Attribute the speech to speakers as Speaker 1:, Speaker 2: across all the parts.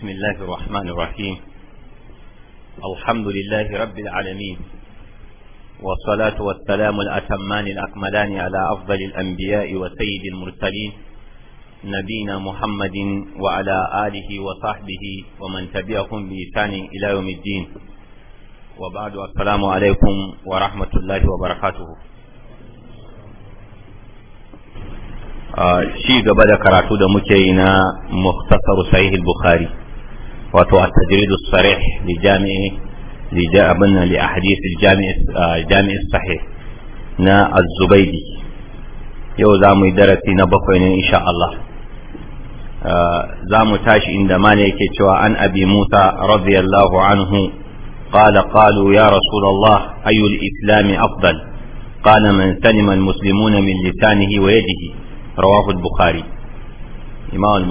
Speaker 1: بسم الله الرحمن الرحيم الحمد لله رب العالمين والصلاة والسلام الأتمان الأكملان على أفضل الأنبياء وسيد المرسلين نبينا محمد وعلى آله وصحبه ومن تبعهم بإحسان إلى يوم الدين وبعد السلام عليكم ورحمة الله وبركاته ci gaba da karatu da muke yi na muktasar sahih bukhari wato a tajiridu sarih li jami'i li abin li ahadith ah, jami'i sahih na az-zubaydi yau za mu yi darasi na bakwai ne insha Allah ah, za mu tashi inda ma ne yake cewa an abi musa radiyallahu anhu qala qalu ya rasulullah ayu al-islam afdal qala man salima al-muslimun min lisanihi wa yadihi rawahu al-bukhari imam al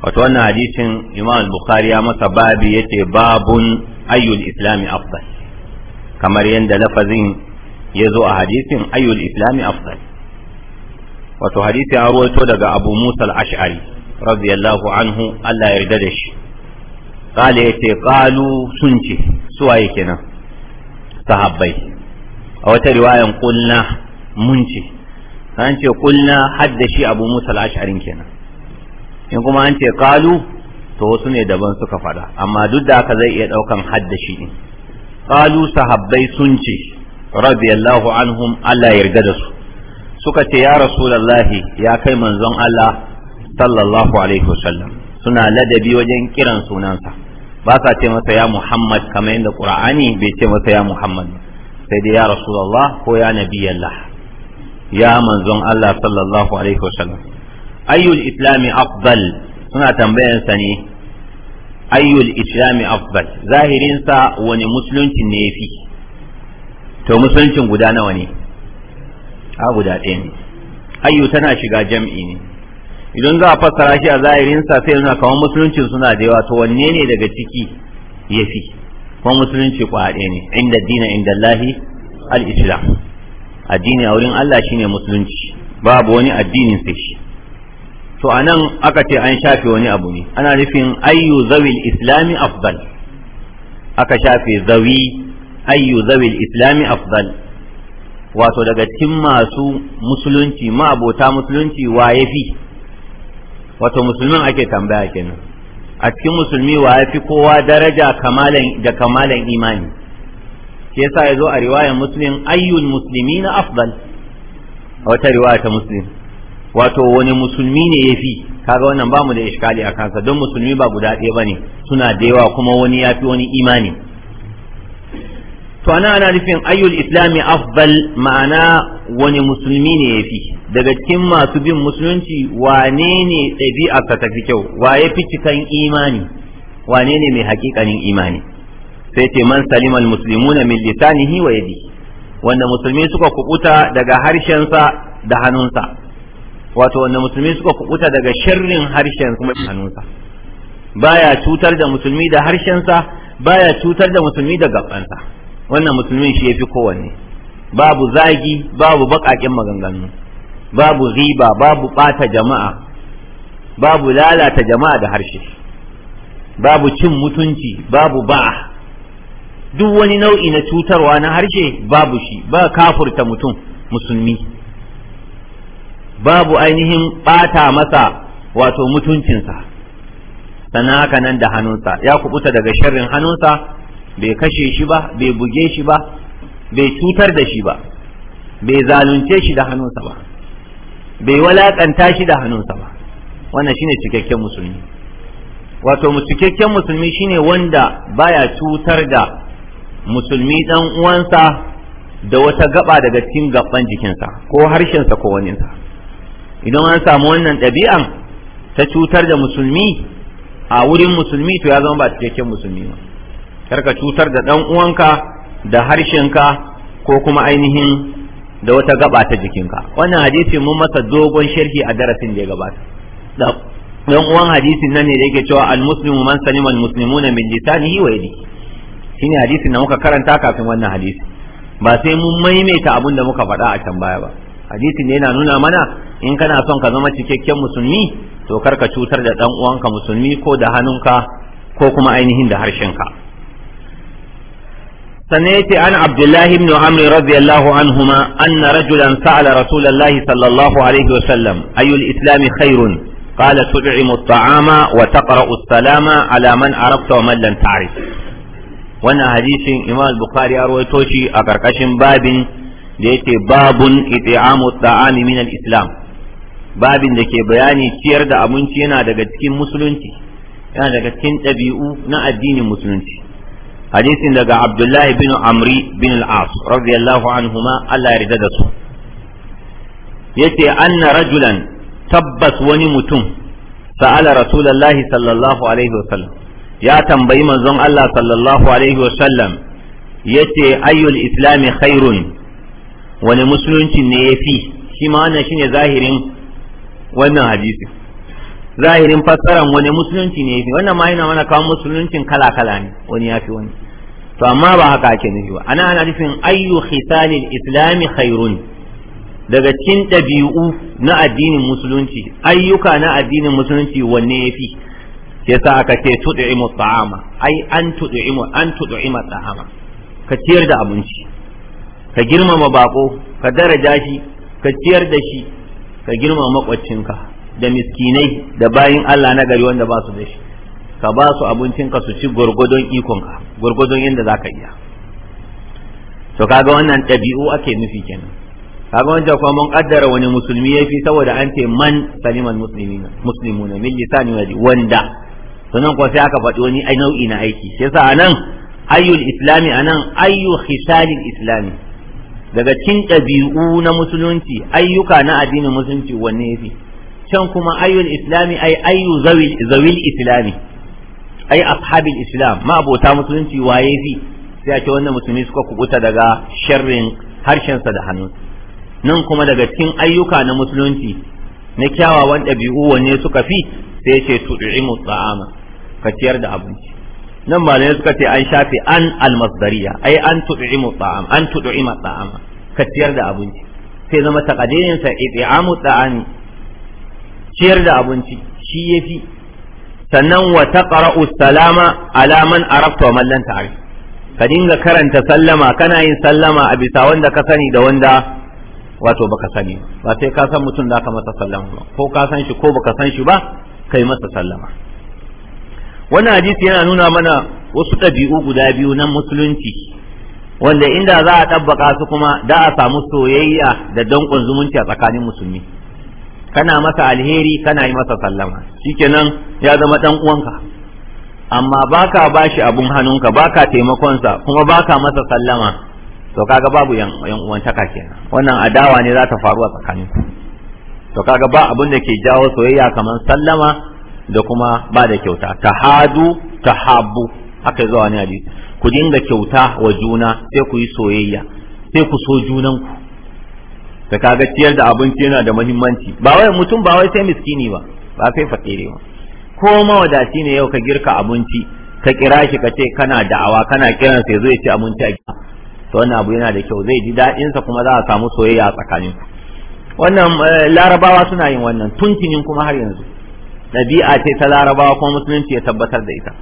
Speaker 1: wato wannan hadisin imam al-bukhari ya masa babi yace babun ayyul islami afdal kamar yadda lafazin ya zo a hadisin ayyul islami afdal wato hadisi ya ruwaito daga abu musa al-ash'ari radiyallahu anhu Allah ya yarda da shi kale yace qalu sun ce suwaye kenan sahabbai a wata riwayan kulna mun ce an ce kulna haddashi abu musa al ashari kenan in kuma an ce kalu to wasu ne daban suka faɗa amma duk da haka zai iya ɗaukan haddashi ne kalu sahabbai sun ce radiyallahu anhum Allah yarda da su suka ce ya rasulallahi ya kai manzon Allah sallallahu alaihi wasallam suna ladabi wajen kiran sunansa ba sa ce masa ya Muhammad kamar yadda Qur'ani bai ce masa ya Muhammad sai dai ya Rasulullah ko ya Nabiyallah ya manzon Allah sallallahu alaihi wasallam ayyul islami afdal suna tambayan sa ne ayyul islami afdal zahirin sa wani musulunci ne yafi to musuluncin guda nawa ne a guda ɗaya ne ayyu tana shiga jam'i ne idan za a fassara shi a zahirin sa sai yana kamar musuluncin suna da yawa to wanne ne daga ciki yafi kuma musulunci kwaɗe ne inda dina inda lahi, al-islam addini a wurin Allah shine musulunci babu wani addinin sai shi to anan aka ce an shafe wani abu ne ana nufin ayyu zawil islami afdal aka shafe zawi ayyu zawil islami afdal wato daga cikin masu musulunci ma'abota musulunci wa ya fi wato musulmin ake tambaya kenan a cikin musulmi wa ya fi kowa daraja da kamalan imani shi sa ya zo a riwayar muslim ayyul muslimi na afdal a wata riwaya ta muslim wato wani musulmi ne ya fi kaga wannan ba mu da iskali a kansa don musulmi ba guda ɗaya ba ne suna da yawa kuma wani ya fi wani imani to ana ana nufin ayyul islami afdal ma'ana wani musulmi ne ya fi daga cikin masu bin musulunci wane ne ɗabi'arsa ta fi kyau wa ya fi cikan imani wane ne mai hakikanin imani sai ce man salimal muslimuna min lisanihi wa yadi wanda musulmi suka kubuta daga harshensa da hannunsa wato wanda musulmi suka kubuta daga sharrin harshen kuma hannunsa baya cutar da musulmi da harshensa baya cutar da musulmi da gabansa wannan musulmin shi yafi kowanne babu zagi babu bakakin maganganu babu riba babu bata jama'a babu lalata jama'a da harshe babu cin mutunci babu ba'a duk wani nau'i na cutarwa na harshe babu shi ba kafurta mutum musulmi babu ainihin bata masa wato mutuncinsa sannan haka nan da hannunsa ya kubuta daga sharrin hannunsa bai kashe shi ba bai buge shi ba bai cutar da shi ba bai zalunce shi da hannunsa ba bai walakanta shi da hannunsa ba wannan shine cikakken musulmi wato cikakken musulmi shine wanda baya cutar da musulmi dan uwansa da wata gaba daga cikin gaban jikinsa ko harshensa ko waninsa idan an samu wannan ɗabi'an ta cutar da musulmi a wurin musulmi to ya zama ba cikakken musulmi ba karka cutar da ɗan uwanka da harshenka ko kuma ainihin da wata gaba ta jikinka wannan hadisi mun masa dogon sharhi a darasin da ya gabata dan uwan hadisin nan ne da yake cewa almuslimu muslimu man salima al na min lisanihi wa yadi. shine hadisin da muka karanta kafin wannan hadisi ba sai mun maimaita abun da muka faɗa a can baya ba hadisin ne yana nuna mana in kana son ka zama cikakken musulmi to kar ka cutar da dan uwanka musulmi ko da hannunka ko kuma ainihin da harshenka سنيت عن عبد الله بن عمرو رضي الله عنهما أن رجلا سأل رسول الله صلى الله عليه وسلم أي الإسلام خير قال تطعم الطعام وتقرأ السلام على من عرفت ومن لم تعرف wannan hadisin imam bukhari ya rawaito a karkashin babin da yake babun it'amu ta'ami islam babin da ke bayani ciyar da abinci yana daga cikin musulunci yana daga cikin ɗabi'u na addinin musulunci hadisin daga abdullahi bin amri bin al-as radiyallahu anhuma Allah ya rida da su yace anna rajulan tabbas wani mutum sa'ala rasulallahi sallallahu alaihi wa sallam. ya tambayi manzon Allah sallallahu alaihi wa wasallam yace ayyul islami khairun wani musulunci ne yafi shi ma wannan shine zahirin wannan hadisi zahirin fassaran wani musulunci ne yafi wannan ma yana mana kawo musuluncin kala kala ne wani yafi wani to amma ba haka ake nufi ba ana ana nufin ayyu khisalil islami khairun daga cikin ɗabi'u na addinin musulunci ayyuka na addinin musulunci wanne yafi yasa aka ce tud'imu ta'ama ai an tud'imu an tud'ima ta'ama ka ciyar da abinci ka girmama bako ka daraja shi ka ciyar da shi ka girma makwaccinka da miskinai da bayin Allah na gari wanda ba su da shi ka ba su abincinka su ci gwargwadon ikonka gwargwadon yadda za ka iya to kaga wannan ɗabi'u ake nufi kenan kaga wancan kuma mun kaddara wani musulmi yafi saboda an ce man saliman muslimina muslimuna min lisani wanda sannan kuma sai aka faɗi wani nau'i na aiki yasa anan ayyul islami anan ayyu khisalil islami daga cin ɗabi'u na musulunci ayyuka na addinin musulunci wanne yafi can kuma ayyul islami ay ayyu zawil zawil islami ay ashabil islam ma abota musulunci waye fi sai a ce wannan musulmi suka kubuta daga sharrin harshensa da hannu. nan kuma daga cikin ayyuka na musulunci na kyawawan ɗabi'u wanne suka fi sai ce tu'imu ta'ama ka ciyar da abinci nan malamai suka ce an shafe an almasdariya ai an tud'imu ta'am an tud'ima ta'ama ka ciyar da abinci sai zama taqadirin sa it'amu ta'ami ciyar da abinci shi yafi sannan wa taqra'u salama ala man arafta wa man lam ta'rif ka dinga karanta sallama kana yin sallama a bisa wanda ka sani da wanda wato baka sani ba sai ka san mutum da ka masa sallama ko ka san shi ko baka san shi ba kai masa sallama wannan hadisi yana nuna mana wasu ɗabi'u guda biyu na musulunci wanda inda za a tabbaka su kuma da a samu soyayya da danƙon zumunci a tsakanin musulmi kana masa alheri kana yi masa sallama shikenan ya zama ɗan uwanka amma baka bashi abun hannunka baka taimakonsa kuma baka masa sallama to kaga babu yan uwantaka kenan wannan adawa ne za ta faru a tsakaninku to kaga ba abun da ke jawo soyayya kamar sallama da kuma ba da kyauta ta ta habu haka zuwa wani hadisi ku dinga kyauta wa juna sai ku yi soyayya sai ku so junan ku da kaga ciyar da abinci yana da muhimmanci ba wai mutum ba wai sai miskini ba ba sai fakire ba ko mawadaci ne yau ka girka abinci ka kira shi ka ce kana da'awa kana kiran sai zai ci abinci a gida to wannan abu yana da kyau zai ji daɗin sa kuma za a samu soyayya a ku. wannan eh, larabawa suna yin wannan tuntunin kuma har yanzu ɗabi'a ce ta larabawa kuma musulunci ya tabbatar da ita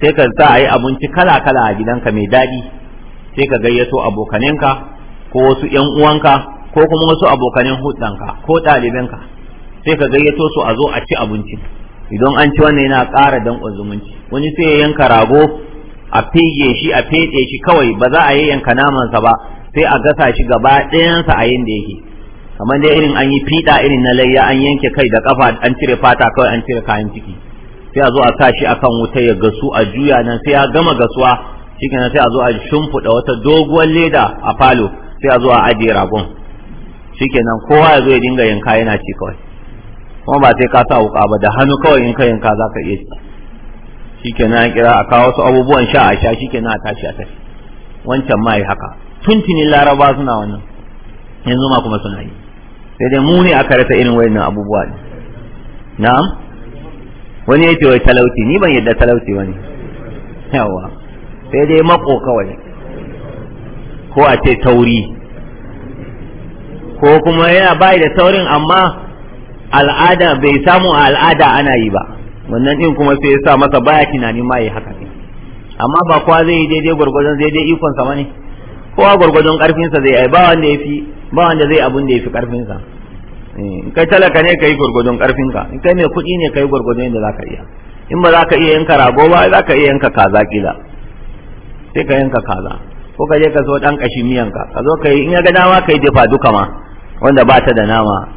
Speaker 1: sai ka sa a yi abinci kala kala a gidanka mai daɗi sai ka gayyato abokaninka ko wasu ƴan uwanka ko kuma wasu abokanin hudanka ko ɗalibinka sai ka gayyato su a zo a ci abinci idan an ci wannan yana ƙara danƙon zumunci wani sai ya yanka rago a fige shi a feɗe shi kawai ba za a yi yanka namansa ba sai a gasa shi gaba ɗayansa a yin da yake kamar dai irin an yi fiɗa irin na layya an yanke kai da kafa an cire fata kawai an cire kayan ciki sai a zo a sa shi kan wuta ya gasu a juya nan sai ya gama gasuwa shi kenan sai a zo a shimfiɗa wata doguwar leda a falo sai a zo a ajiye ragon shi kenan kowa ya zo ya dinga yanka yana ci kawai kuma ba sai ka sa wuka ba da hannu kawai in ka yanka za ka iya ci kenan an kira a kawo wasu abubuwan sha a sha shi kenan a tashi a tashi wancan ma yi haka tuntunin laraba suna wannan yanzu ma kuma suna yi sai dai mu ne aka rasa irin wayannan abubuwa ne na'am wani yake wai talauci ni ban yadda talauci wani yawa sai dai mako kawai ko a ce tauri ko kuma yana bai da taurin amma al'ada bai samu a al'ada ana yi ba wannan din kuma sai ya sa masa baya tunanin ma yi haka ne amma ba kwa zai yi daidai gwargwadon zai dai ikon sama ne kowa gwargwadon karfinsa zai yi ba wanda yafi ba wanda zai abun da yafi karfinsa eh, in kai talaka ne kai gwargwadon karfinka in kai mai kuɗi ne kai gwargwadon yadda zaka iya in ba zaka iya yanka rago ba zaka iya yanka kaza kila sai ka yanka kaza ko ka je ka so dan kashin miyanka ka zo kai in ya ga dama kai dafa duka ma wanda ba ta da nama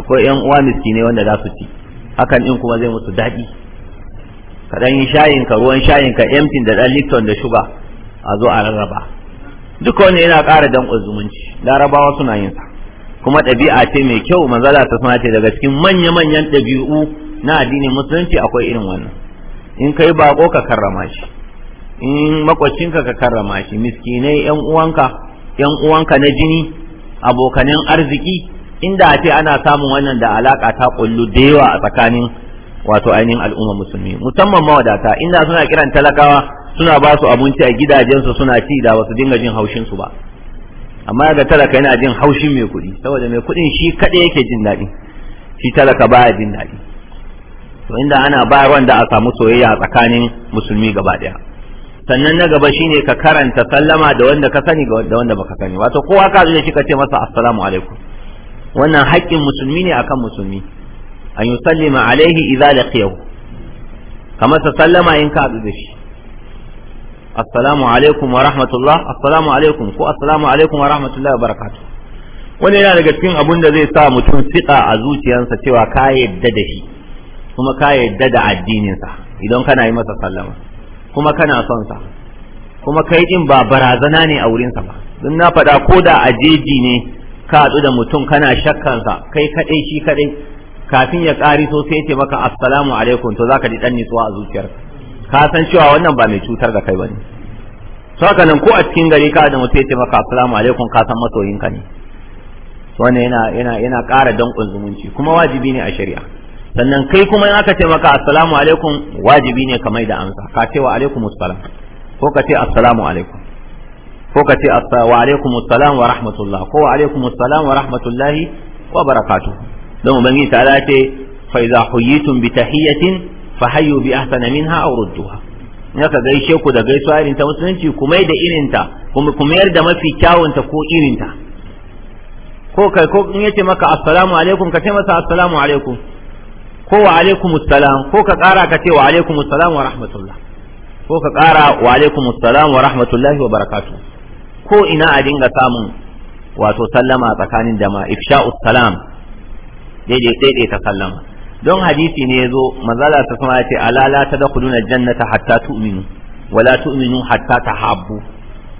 Speaker 1: akwai yan uwa miskine wanda za su ci hakan din kuma zai mutu daɗi ka dan yi shayin ka ruwan shayin ka emptin da dan lipton da shuga a zo a rarraba duka wannan yana ƙara danƙon zumunci larabawa suna yin sa kuma ɗabi'a ce mai kyau manzala ta suna ce daga cikin manya-manyan ɗabi'u na addinin musulunci akwai irin wannan in kai baƙo, ka karrama shi in makwacinka ka karrama shi miskinai yan uwanka yan uwanka na jini abokanan arziki inda a ce ana samun wannan da alaka ta kullu da yawa a tsakanin wato ainihin al'umma musulmi musamman mawadata inda suna kiran talakawa suna ba su abinci a gidajensu suna ci da wasu dinga jin haushin su ba amma ga talaka yana jin haushin mai kuɗi saboda mai kuɗin shi kaɗai yake jin daɗi shi talaka baya jin daɗi to inda ana bayarwan da a samu soyayya a tsakanin musulmi gaba ɗaya sannan na gaba shine ka karanta sallama da wanda ka sani da wanda baka sani wato kowa ka zo shi ka ce masa assalamu alaikum wannan haƙƙin musulmi ne akan musulmi an yusallima alaihi idza laqiyahu kamar sallama in ka haɗu da shi assalamu alaikum wa rahmatullah assalamu alaikum ko assalamu alaikum wa rahmatullah wa barakatuh wani yana daga cikin abun da zai sa mutum fiƙa a zuciyarsa cewa ka yadda da shi kuma ka yadda da addininsa idan kana yi masa sallama kuma kana son sa kuma kai din ba barazana ne a wurinsa ba don na faɗa ko da a jeji ne ka haɗu da mutum kana shakkansa kai kaɗai shi kaɗai kafin ya ƙari so sai ce maka assalamu alaikum to zaka ji ɗan nitsuwa a zuciyarka ka san cewa wannan ba mai cutar da kai bane to haka nan ko a cikin gari ka da mutum ya ce maka assalamu alaikum ka san masoyinka ne wannan yana yana yana ƙara danƙon zumunci kuma wajibi ne a shari'a sannan kai kuma in aka ce maka assalamu alaikum wajibi ne ka da amsa ka ce wa alaikum assalam ko ka ce assalamu alaikum ko ka ce wa alaikum assalam wa rahmatullah ko wa alaikum assalam wa rahmatullahi wa barakatuh don ubangiji ta ce fa idza huyitum bi tahiyatin fa hayyu bi ahsana minha aw rudduha ka gaishe ku da gaisuwa irin ta musulunci mai da irin ta kuma kuma yarda mafi kyawun ta ko irin ta ko kai ko in yace maka assalamu alaikum ka ce masa assalamu alaikum ko wa alaikum assalam ko ka kara ka ce wa alaikum assalam wa rahmatullah ko ka kara wa alaikum assalam wa rahmatullahi wa barakatuh ko ina a dinga samun wato sallama tsakanin jama'a ifsha'us salam daidai daidai ta sallama don hadisi ne yazo manzala ta sama yace ala la tadkhuluna jannata hatta tu'minu wala tu'minu hatta tahabbu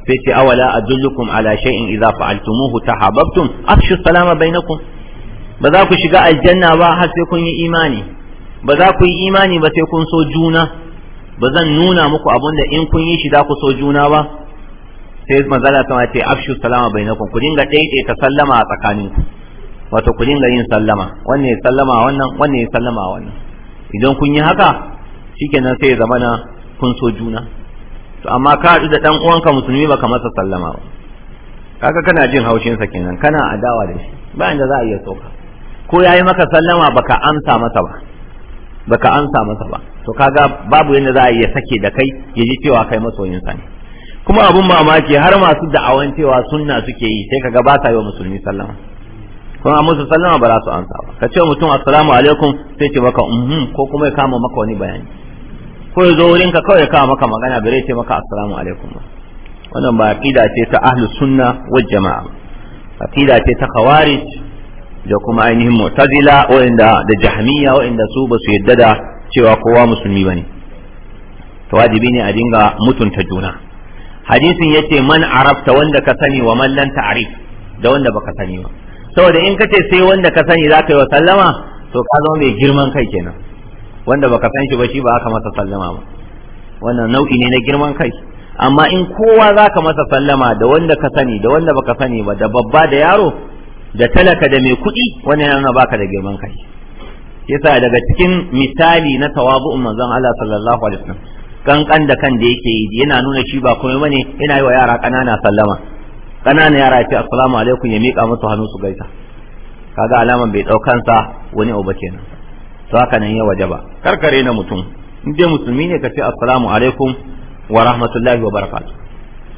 Speaker 1: sai ce awala adullukum ala shay'in idza fa'altumuhu tahabbtum afshu salama bainakum ba za ku shiga aljanna ba har sai kun yi imani ba za ku yi imani ba sai kun so juna ba zan nuna muku abin da in kun yi shi za ku so juna ba sai manzala ta ce afshu salama bainakum ku dinga daidaita sallama a tsakaninku wato ku dinga yin sallama wanne ya sallama wannan wanne ya sallama wannan idan kun yi haka shikenan sai ya zama na kun so juna to amma ka haɗu da ɗan uwanka musulmi baka masa sallama ba kaga kana jin haushin sa kenan kana adawa da shi ba inda za a iya soka ko yayi maka sallama baka amsa masa ba baka amsa masa ba to kaga babu yadda za a iya sake da kai ya ji cewa kai masoyin sa ne kuma abun mamaki har masu da'awan cewa sunna suke yi sai kaga ba sa yi wa musulmi sallama kun an musu sallama ba za su ansa ba ka ce mutum assalamu alaikum sai ce maka ko kuma ya kama maka wani bayani ko ya zo wurin ka kawai ya kama maka magana bare ce maka assalamu alaikum ba wannan ba aqida ce ta ahlu sunna wal jamaa aqida ce ta khawarij da kuma ainihin mu'tazila wa'inda da jahmiya wa'inda su ba su yadda da cewa kowa musulmi bane to wajibi ne a dinga mutunta juna hadisin yace man arafta wanda ka sani wa man lan ta'rif da wanda baka sani ba saboda in kace sai wanda ka sani zaka yi wa sallama to ka zama mai girman kai kenan wanda baka san shi ba shi ba aka masa sallama ba wannan nau'i ne na girman kai amma in kowa zaka masa sallama da wanda ka sani da wanda baka sani ba da babba da yaro da talaka da mai kuɗi wani yana baka da girman kai yasa daga cikin misali na tawabu'u manzon Allah sallallahu alaihi wasallam kankan da kan da yake yi yana nuna shi ba komai bane yana yi wa yara kanana sallama ƙananan yara ya ce assalamu alaikum ya miƙa musu hannu su gaisa kaga alaman bai ɗaukansa wani abu kenan to haka nan ya wajaba karkare na mutum in dai musulmi ne ka ce assalamu alaikum wa rahmatullahi wa barakatuh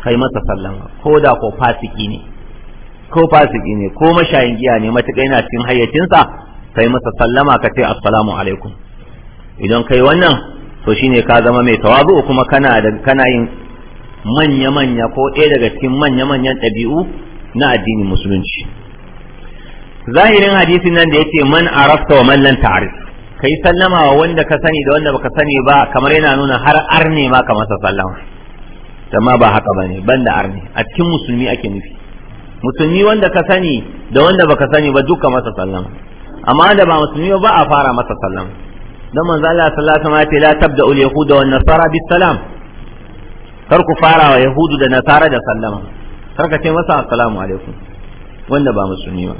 Speaker 1: kai masa sallama ko da ko fasiki ne ko fasiki ne ko mashayin giya ne matuƙa yana cikin hayyacinsa kai masa sallama ka ce assalamu alaikum idan kai wannan to shine ka zama mai tawazu kuma kana da kana yin manya-manya ko ɗaya daga cikin manya-manyan ɗabi'u na addinin musulunci zahirin hadisin nan da yake man arafta wa man lam ta'rif kai sallama wa wanda ka sani da wanda baka sani ba kamar yana nuna har arne ma ka masa sallama amma ba haka bane banda arne a cikin musulmi ake nufi musulmi wanda ka sani da wanda baka sani ba duka masa sallama amma da ba musulmi ba a fara masa sallama dan manzo Allah sallallahu alaihi wasallam ya ce la tabda ul yahuda wan nasara bis salam kar ku fara wa yahudu da nasara da sallama kar ka ce masa assalamu alaikum wanda ba musulmi ba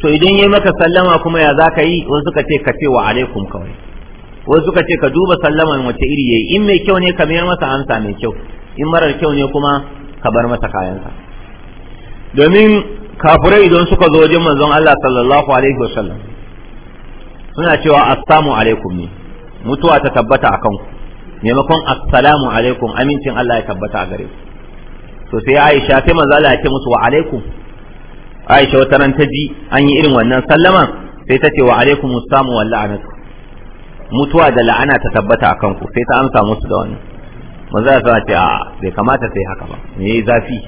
Speaker 1: to idan yayi maka sallama kuma ya zaka yi wasu suka ce ka ce wa alaikum kawai wasu suka ce ka duba sallaman wace iri yayi in mai kyau ne ka mayar masa amsa mai kyau in marar kyau ne kuma ka bar masa kayansa domin kafirai idan suka zo wajen manzon Allah sallallahu alaihi wasallam suna cewa assalamu alaikum ne mutuwa ta tabbata akan ku maimakon assalamu alaikum amincin Allah ya tabbata a gare ku to sai Aisha sai manzo Allah ya ce musu wa alaikum Aisha wata ran ta ji an yi irin wannan sallama sai ta ce wa alaikum assamu wal la'anatu mutuwa da la'ana ta tabbata akan ku sai ta amsa musu da wannan manzo Allah ya ce a bai kamata sai haka ba me yayi zafi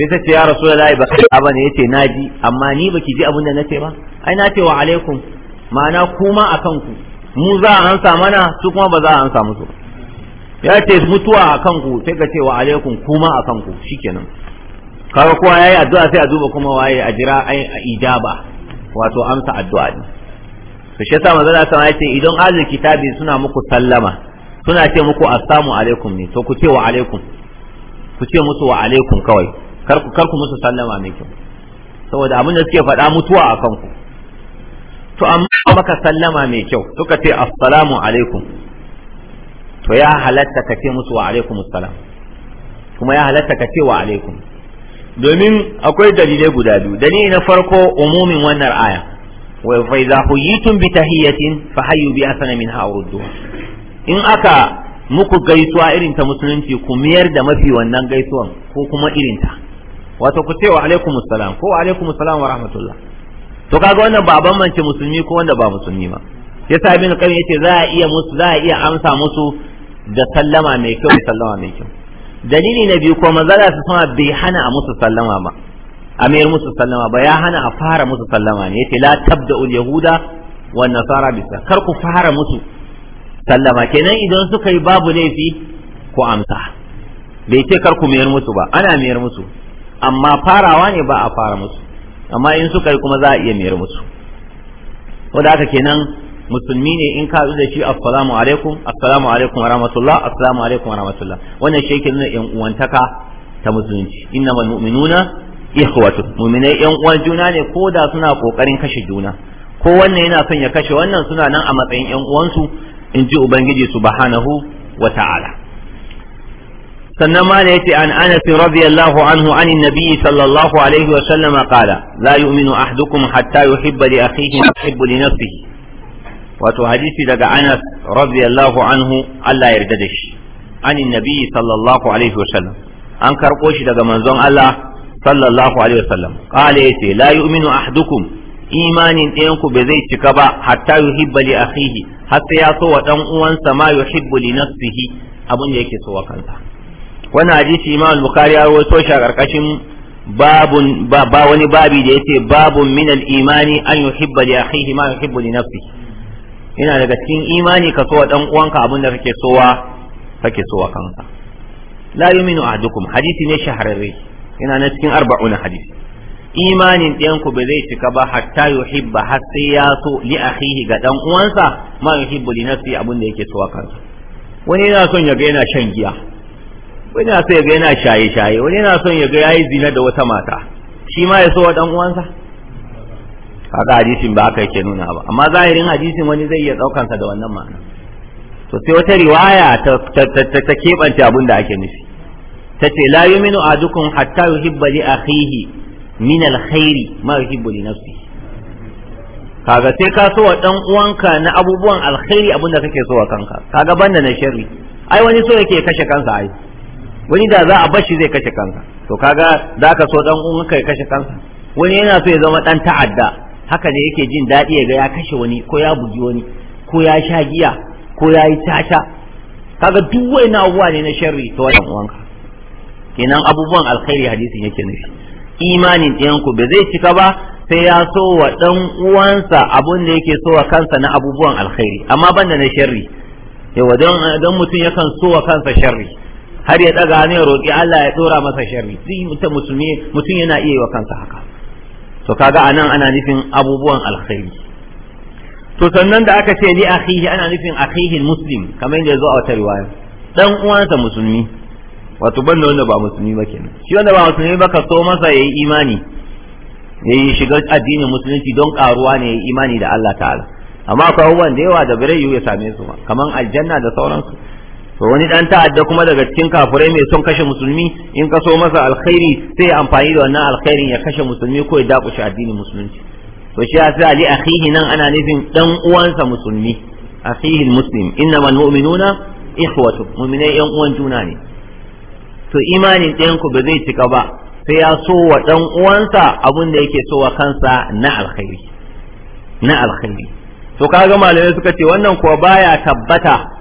Speaker 1: sai ta ce ya rasulullahi ba kai ba ne yace ji. amma ni baki ji abin da nace ba ai na ce wa alaikum ma'ana kuma akan ku mu za a ansa mana su kuma ba za a ansa musu ya ce mutuwa a kanku sai ka ce wa alaikum kuma a kanku shikenan kaga kowa yi addu'a sai a duba kuma waye a jira a ijaba wato amsa addu'a ne to shi yasa manzo Allah ya ce idan ahlul kitabi suna muku sallama suna ce muku assalamu alaikum ne to ku ce wa alaikum ku ce musu wa alaikum kawai kar ku musu sallama mai kyau saboda abin da suke faɗa mutuwa a kanku to amma maka sallama mai kyau suka ce assalamu alaikum to ya halatta ka ce musu wa alaikum assalam kuma ya halatta ka ce wa alaikum domin akwai dalilai guda biyu dalili na farko umumin wannan aya wa fa idza huyitum bi tahiyatin fa hayyu bi asana minha aw rudduha in aka muku gaisuwa irin ta musulunci ku miyar da mafi wannan gaisuwan ko kuma irin ta wato ku ce wa alaikum assalam ko wa alaikum assalam wa rahmatullah to kaga wannan ba bambance musulmi ko wanda ba musulmi ba yasa ibn qayyim yace za a iya musu za a iya amsa musu da sallama mai kyau sallama mai kyau dalili na biyu ko za su sama bai hana a musu sallama ba a mayar musu sallama ba ya hana a fara musu sallama ne yace la tabda'ul yahuda wan nasara bisa kar ku fara musu sallama kenan idan suka yi babu laifi ku amsa bai ce kar ku mayar musu ba ana mayar musu amma farawa ne ba a fara musu amma in suka yi kuma za a iya mayar musu wanda aka kenan musulmi ne in ka da shi assalamu alaikum assalamu alaikum wa rahmatullah assalamu alaikum wa rahmatullah wannan shi yake nuna yan uwantaka ta musulunci man mu'minuna ikhwatu mu'minai yan uwan juna ne ko da suna kokarin kashe juna ko wannan yana son ya kashe wannan suna nan a matsayin yan uwansu in ji ubangiji subhanahu wa ta'ala sannan ma da yace an anas radiyallahu anhu an annabi sallallahu alaihi wa sallam qala la yu'minu ahadukum hatta yuhibba li akhihi ma yuhibbu li nafsihi wato hadisi daga anas radiyallahu anhu Allah yarda da shi an annabi sallallahu alaihi wa sallam an karko shi daga manzon Allah sallallahu alaihi wa sallam qala yace la yu'minu ahadukum imanin ɗayanku ba zai cika ba hatta yuhibba li akhihi hatta ya so wa dan uwansa ma yuhibbu li nafsihi abun da yake so wa kansa Wani hadisi imam al-bukhari ya rawaito shi a karkashin babun ba wani babi da yace babun min al-imani an yuhibba li akhihi ma yuhibbu li nafsihi Ina daga cikin imani ka so dan uwanka abin da kake sowa kake sowa kanka la yuminu ahadukum hadisi ne shahararre Ina na cikin arba'un hadisi imanin ɗayan ku bai zai cika ba hatta yuhibba har sai ya so li akhihi ga dan uwansa ma yuhibbu li nafsi abin da yake sowa kansa wani yana son ya ga yana shan giya wani na so ya ga yana shaye shaye wani na son ya ga yayi zina da wata mata shi ma ya so wa dan uwansa kaga hadisin ba aka yake nuna ba amma zahirin hadisin wani zai iya daukan sa da wannan ma'ana to sai wata riwaya ta ta kebanta abin da ake nufi ce la yuminu ahadukum hatta yuhibba li akhihi min alkhairi ma yuhibbu li nafsi kaga sai ka so wa dan uwanka na abubuwan alkhairi abin da kake so wa kanka kaga banda na sharri ai wani so yake kashe kansa ai wani da za a shi zai kashe kansa to kaga za ka so dan ka ya kashe kansa wani yana so ya zama dan ta'adda haka ne yake jin daɗi ya ga ya kashe wani ko ya bugi wani ko ya sha giya ko ya yi tata kaga duk wani abubuwa ne na sharri to wannan uwanka kenan abubuwan alkhairi hadisi yake nufi imanin ɗiyanku ba zai cika ba sai ya so wa ɗan uwansa abun da yake so wa kansa na abubuwan alkhairi amma banda na sharri yawa don mutum yakan so wa kansa sharri har ya daga ne roƙi Allah ya dora masa sharri sai mutum musulmi mutum yana iya yi wa kansa haka to kaga anan ana nufin abubuwan alkhairi to sannan da aka ce li akhihi ana nufin akhihi muslim kamar yadda zo a wata riwaya dan uwansa musulmi wato banda wanda ba musulmi ba kenan shi wanda ba musulmi ba ka so masa yayi imani yayi shiga addinin musulunci don karuwa ne yayi imani da Allah ta'ala amma akwai abubuwan da yawa da bare ya same su kaman aljanna da sauransu to wani dan ta'adda kuma daga cikin kafirai mai son kashe musulmi in ka so masa alkhairi sai amfani da wannan alkhairin ya kashe musulmi ko ya dakushe addinin musulunci to shi ya sai ali akhihi nan ana nufin dan uwansa musulmi akhihi muslim innamal mu'minuna ikhwatu mu'minai yan uwan juna ne to imanin ɗayan ku ba zai cika ba sai ya so wa dan uwansa abin da yake so wa kansa na alkhairi na alkhairi to kaga malamai suka ce wannan kuwa baya tabbata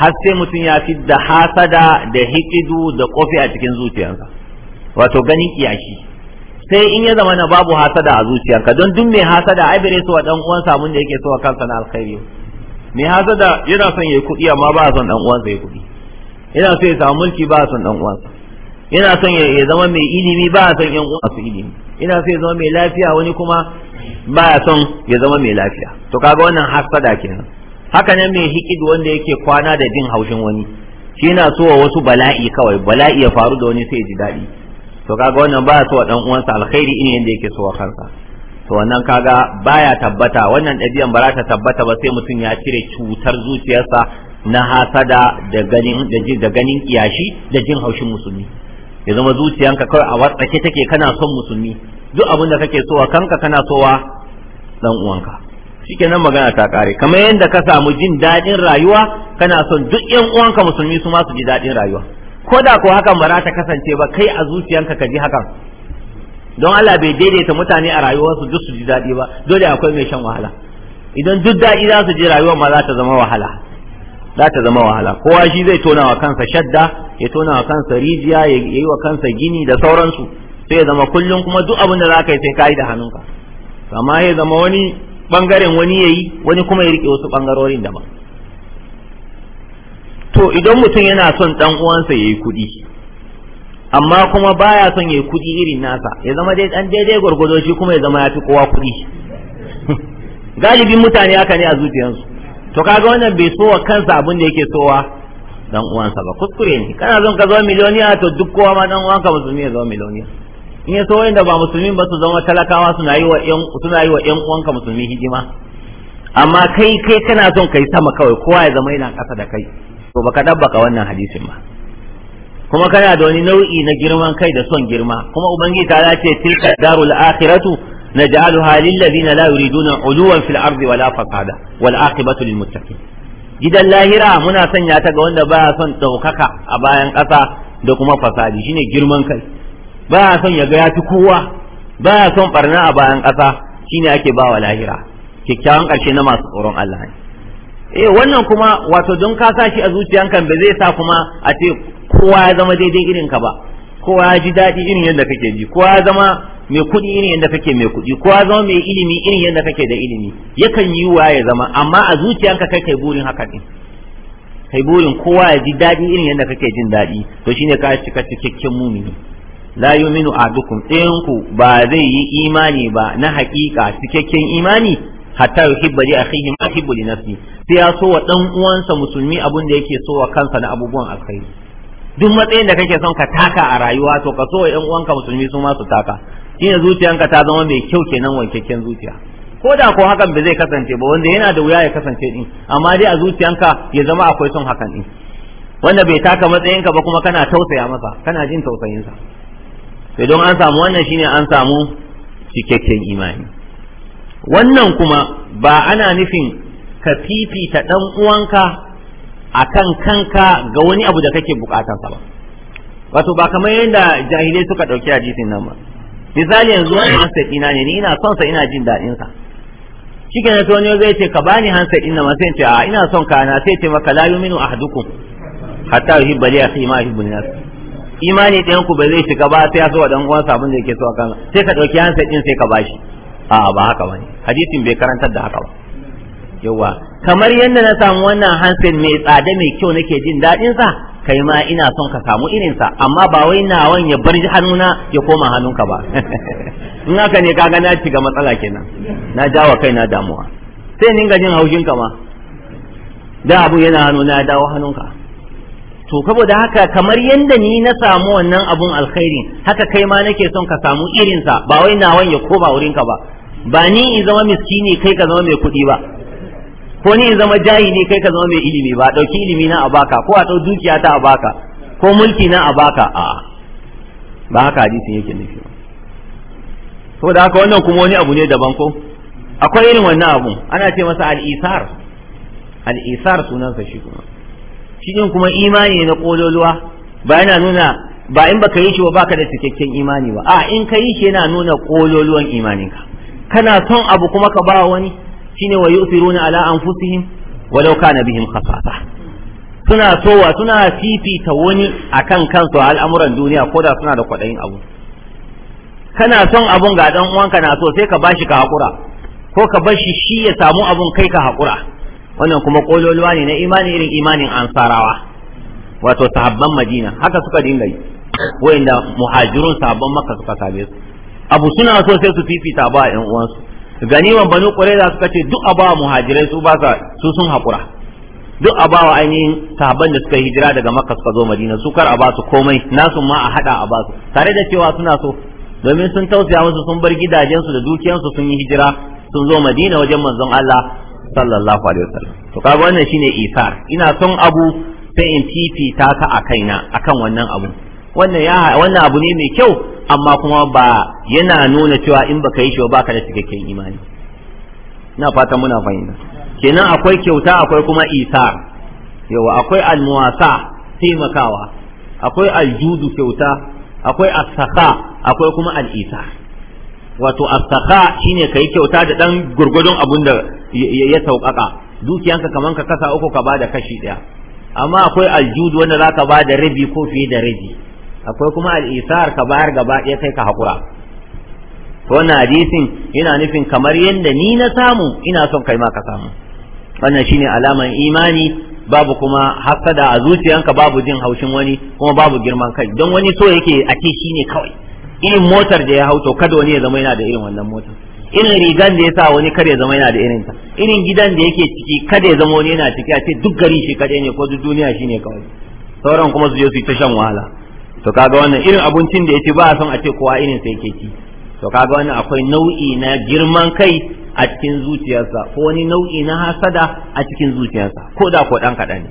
Speaker 1: har sai mutum ya fi da hasada da hikidu da kofi a cikin zuciyarsa wato ganin kiyashi sai in ya zama na babu hasada a zuciyarka don duk mai hasada ai bare su wa dan uwan samun da yake so a kansa na alkhairi mai hasada yana son yayi kuɗi amma ba son dan uwansa ya kuɗi yana son ya samu mulki ba son dan uwansa yana son ya zama mai ilimi ba son yan uwan su ilimi yana son ya zama mai lafiya wani kuma ba son ya zama mai lafiya to kaga wannan hasada kenan haka nan mai hikid wanda yake kwana da jin haushin wani shi na so wa wasu bala'i kawai bala'i ya faru da wani sai ji daɗi to kaga wannan ba so wa dan uwansa alkhairi in yanda yake so wa kansa to wannan kaga baya tabbata wannan ɗabi'an ba ta tabbata ba sai mutum ya cire cutar zuciyarsa na hasada da ganin da jin da ganin kiyashi da jin haushin musulmi ya zama zuciyanka kawai a watsake take kana son musulmi duk abin kake so wa kanka kana so wa dan uwanka shikenan magana ta kare kamar yadda ka samu jin daɗin rayuwa kana son duk ƴan uwanka musulmi su ma su ji daɗin rayuwa ko da ko hakan ba za ta kasance ba kai a zuciyanka ka ji hakan don Allah bai daidaita mutane a rayuwarsu duk su ji daɗi ba dole akwai mai shan wahala idan duk daɗi za su ji rayuwar ma za ta zama wahala za ta zama wahala kowa shi zai tona wa kansa shadda ya tona wa kansa rijiya ya yi wa kansa gini da sauransu sai ya zama kullum kuma duk abin da za ka yi sai ka yi da hannunka amma ya zama wani bangaren wani ya yi wani kuma ya rike wasu bangarorin daban to idan mutum yana son dan uwansa ya yi kuɗi amma kuma baya son ya yi kuɗi irin nasa ya zama dai dan daidai gwargwado shi kuma ya zama ya fi kowa kuɗi galibin mutane haka ne a zuciyarsu to kaga wannan bai sowa wa kansa abin da yake sowa dan uwansa ba kuskure ne kana son ka zama miliyoniya to duk kowa ma dan uwanka musulmi ya zama miliyoniya in ya so wanda ba musulmi ba su zama talakawa suna yi wa 'yan suna yi wa uwanka musulmi hidima amma kai kai kana son kai sama kawai kowa ya zama yana kasa da kai to baka dabbaka wannan hadisin ba kuma kana da wani nau'i na girman kai da son girma kuma ubangiji ta ce tilka darul akhiratu naj'aluha lil ladina la yuriduna uluwan fil ardi wala fasada wal aqibatu lil muttaqin gidan lahira muna sanya ta ga wanda baya son daukaka a bayan kasa da kuma fasadi shine girman kai ba son ya ga ya fi kowa ba son barna a bayan ƙasa shine ake bawa lahira kyakkyawan ƙarshe na masu tsoron Allah ne eh wannan kuma wato don ka sa shi a zuciyanka ba zai sa kuma a ce kowa ya zama daidai irin ka ba kowa ya ji daɗi irin yadda kake ji kowa ya zama mai kuɗi irin yadda kake mai kuɗi kowa ya zama mai ilimi irin yadda kake da ilimi yakan yi wa ya zama amma a zuciyanka kai kai burin haka din kai burin kowa ya ji daɗi irin yadda kake jin daɗi to shine ka cika cikakken mumini لا يؤمن ahadukum إنكو ba zai yi imani ba na haƙiƙa cikakken imani ما يحب li akhihi ma yuhibbu li so wa dan uwansa musulmi abunda so kansa na abubuwan duk matsayin da kake son ka taka a rayuwa to ka so wa ɗan uwanka musulmi su ma su taka shine zuciyanka ta zama mai kyau kenan wankakken zuciya ko da ko hakan ba zai kasance ba wanda yana da wuya ya kasance din amma dai a zuciyanka ya zama akwai son hakan din wanda bai taka matsayinka ba kuma kana tausaya masa kana jin tausayinsa to don an samu wannan shine an samu cikakken imani wannan kuma ba ana nufin ka fifita dan uwanka akan kanka ga wani abu da kake bukatansa ba wato ba kamar yadda jahilai suka dauki hadisin nan ba misali yanzu wani hansa ina ne ni ina son sa ina jin daɗin sa shike na wani zai ce ka bani hansa ina ma sai ce a ina son ka na sai ce maka la yuminu ahadukum hatta yuhibba li akhi ma yuhibbu imani ɗayan ku ba zai shiga ba sai ya so dan uwan sabon da yake so a kansa sai ka dauki hansa din sai ka bashi a ba haka bane hadisin bai karantar da haka ba yawa kamar yadda na samu wannan hansin mai tsada mai kyau nake jin daɗin sa kai ma ina son ka samu irin sa amma ba wai nawan ya bar hannuna ya koma hannunka ba in haka ne kaga na shiga matsala kenan na jawa kai na damuwa sai ninga jin haushin ka ma da abu yana hannuna ya dawo hannunka to saboda haka kamar yadda ni na samu wannan abun alkhairi haka kai ma nake son ka samu irinsa ba wai nawan ya wurin ka ba ba ni in zama miskini kai ka zama mai kuɗi ba ko ni in zama jahili kai ka zama mai ilimi ba ɗauki ilimi na a baka ko a dauki dukiya ta a baka ko mulki na a baka a ba haka hadisin yake nufi ba saboda haka wannan kuma wani abu ne daban ko akwai irin wannan abun ana ce masa al-isar al-isar sunansa shi kuma shi kuma imani na kololuwa ba yana nuna ba in baka yi shi ba baka da cikakken imani ba a in ka yi shi yana nuna kololuwan imaninka kana son abu kuma ka ba wani shine wa yusiruna ala anfusihim walau kana bihim khasasa suna sowa suna fifita wani akan kansu a al'amuran duniya ko da suna da kwaɗayin abu kana son abun ga dan uwanka na so sai ka bashi ka hakura ko ka bashi shi shi ya samu abun kai ka hakura wannan kuma kololuwa ne na imani irin imanin ansarawa wato sahabban madina haka suka dinga yi wayanda muhajirun sahabban makka suka same su abu suna so sai su fifita ba yan uwansu ganiman banu qurayza suka ce duk abawa muhajirai su ba su sun hakura duk abawa ainihin sahabban da suka hijira daga makka suka zo madina su kar a ba su komai nasu ma a hada a ba su tare da cewa suna so domin sun tausaya musu sun bar gidajensu da dukiyansu sun yi hijira sun zo madina wajen manzon Allah sallallahu alaihi wasallam to kaga wannan shine isar ina son abu sai in fifita ka a kaina akan wannan abu wannan ya wannan abu ne mai kyau amma kuma ba yana nuna cewa in baka yi shi ba ka da cikakken imani ina fata muna fahimta kenan akwai kyauta akwai kuma isar yawa akwai almuwasa taimakawa akwai aljudu kyauta akwai asaka akwai kuma al'isar wato asaka shine kai kyauta da dan gurgudun abun da ya sauƙaƙa dukiyanka kaman ka kasa uku ka bada kashi daya amma akwai aljudu wanda zaka bada rabi ko fiye da rabi akwai kuma al'isar ka bayar gaba ɗaya kai ka haƙura wannan hadisin yana nufin kamar yadda ni na samu ina son kai ma ka samu wannan shine alaman imani babu kuma hasada a zuciyanka babu jin haushin wani kuma babu girman kai don wani so yake a ce shine kawai irin motar da ya hau to kada wani ya zama yana da irin wannan motar irin rigan da ya sa wani kada ya zama yana da irin ta irin gidan da yake ciki kada ya zama wani yana ciki a ce duk gari shi kadai ne ko duk duniya shi ne kawai sauran kuma su je su yi ta shan wahala to kaga wannan irin abincin da yake ba a son a ce kowa irin sai yake ci to kaga wannan akwai nau'i na girman kai a cikin zuciyarsa ko wani nau'i na hasada a cikin zuciyarsa ko da ko dan kaɗan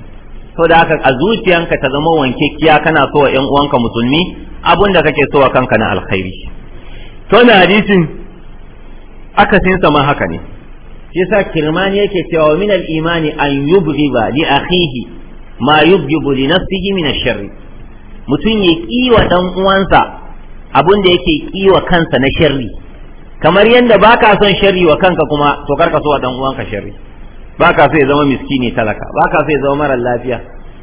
Speaker 1: so da haka a zuciyanka ta zama wankekiya kana so wa ƴan uwanka musulmi abun da kake so wa kanka na alkhairi to na hadisin akasin sa ma haka ne shi yasa kirmani yake cewa min al-imani an yubghiba li akhihi ma yubghibu li nafsihi min ash-sharri mutum ya kiwa dan uwansa abun da yake kiwa kansa na sharri kamar yadda baka son sharri wa kanka kuma to karka so wa dan uwanka sharri ba ka so ya zama miskini talaka ba ka so ya zama mara lafiya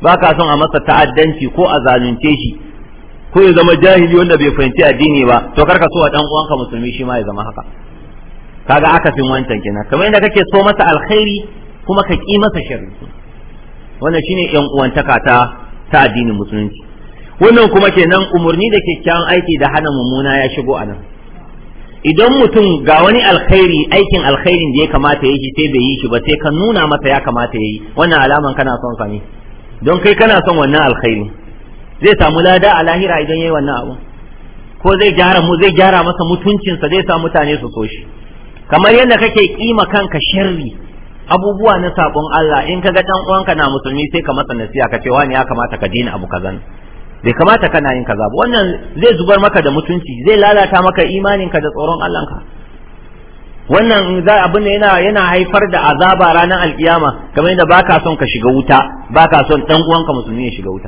Speaker 1: ba ka son a masa ta'addanci ko a zalunce shi ko ya zama jahili wanda bai fahimci addini ba to karka so a dan uwanka musulmi shi ma ya zama haka kaga akasin wancan kenan kamar yadda kake so masa alkhairi kuma ka ki masa sharri wannan shine yan uwantaka ta ta addinin musulunci wannan kuma kenan umurni da kyakkyawan aiki da hana mummuna ya shigo a nan. idan mutum ga wani alkhairi aikin alkhairin da ya kamata ya yi sai bai yi shi ba sai ka nuna masa ya kamata ya yi wannan alaman kana son sa ne don kai kana son wannan alkhairi zai samu lada a lahira idan yayi wannan abu ko zai gyara mu zai gyara masa mutuncinsa zai sa mutane su so shi kamar yadda kake kima kanka sharri abubuwa na sabon Allah in kaga dan uwanka na musulmi sai ka masa nasiha ka ce wani ya kamata ka dina abu kazan bai kamata kana yin kaza ba wannan zai zubar maka da mutunci zai lalata maka imaninka da tsoron Allahnka wannan za abin da yana yana haifar da azaba ranar alkiyama kamar yadda baka son ka shiga wuta baka son dan uwanka musulmi ya shiga wuta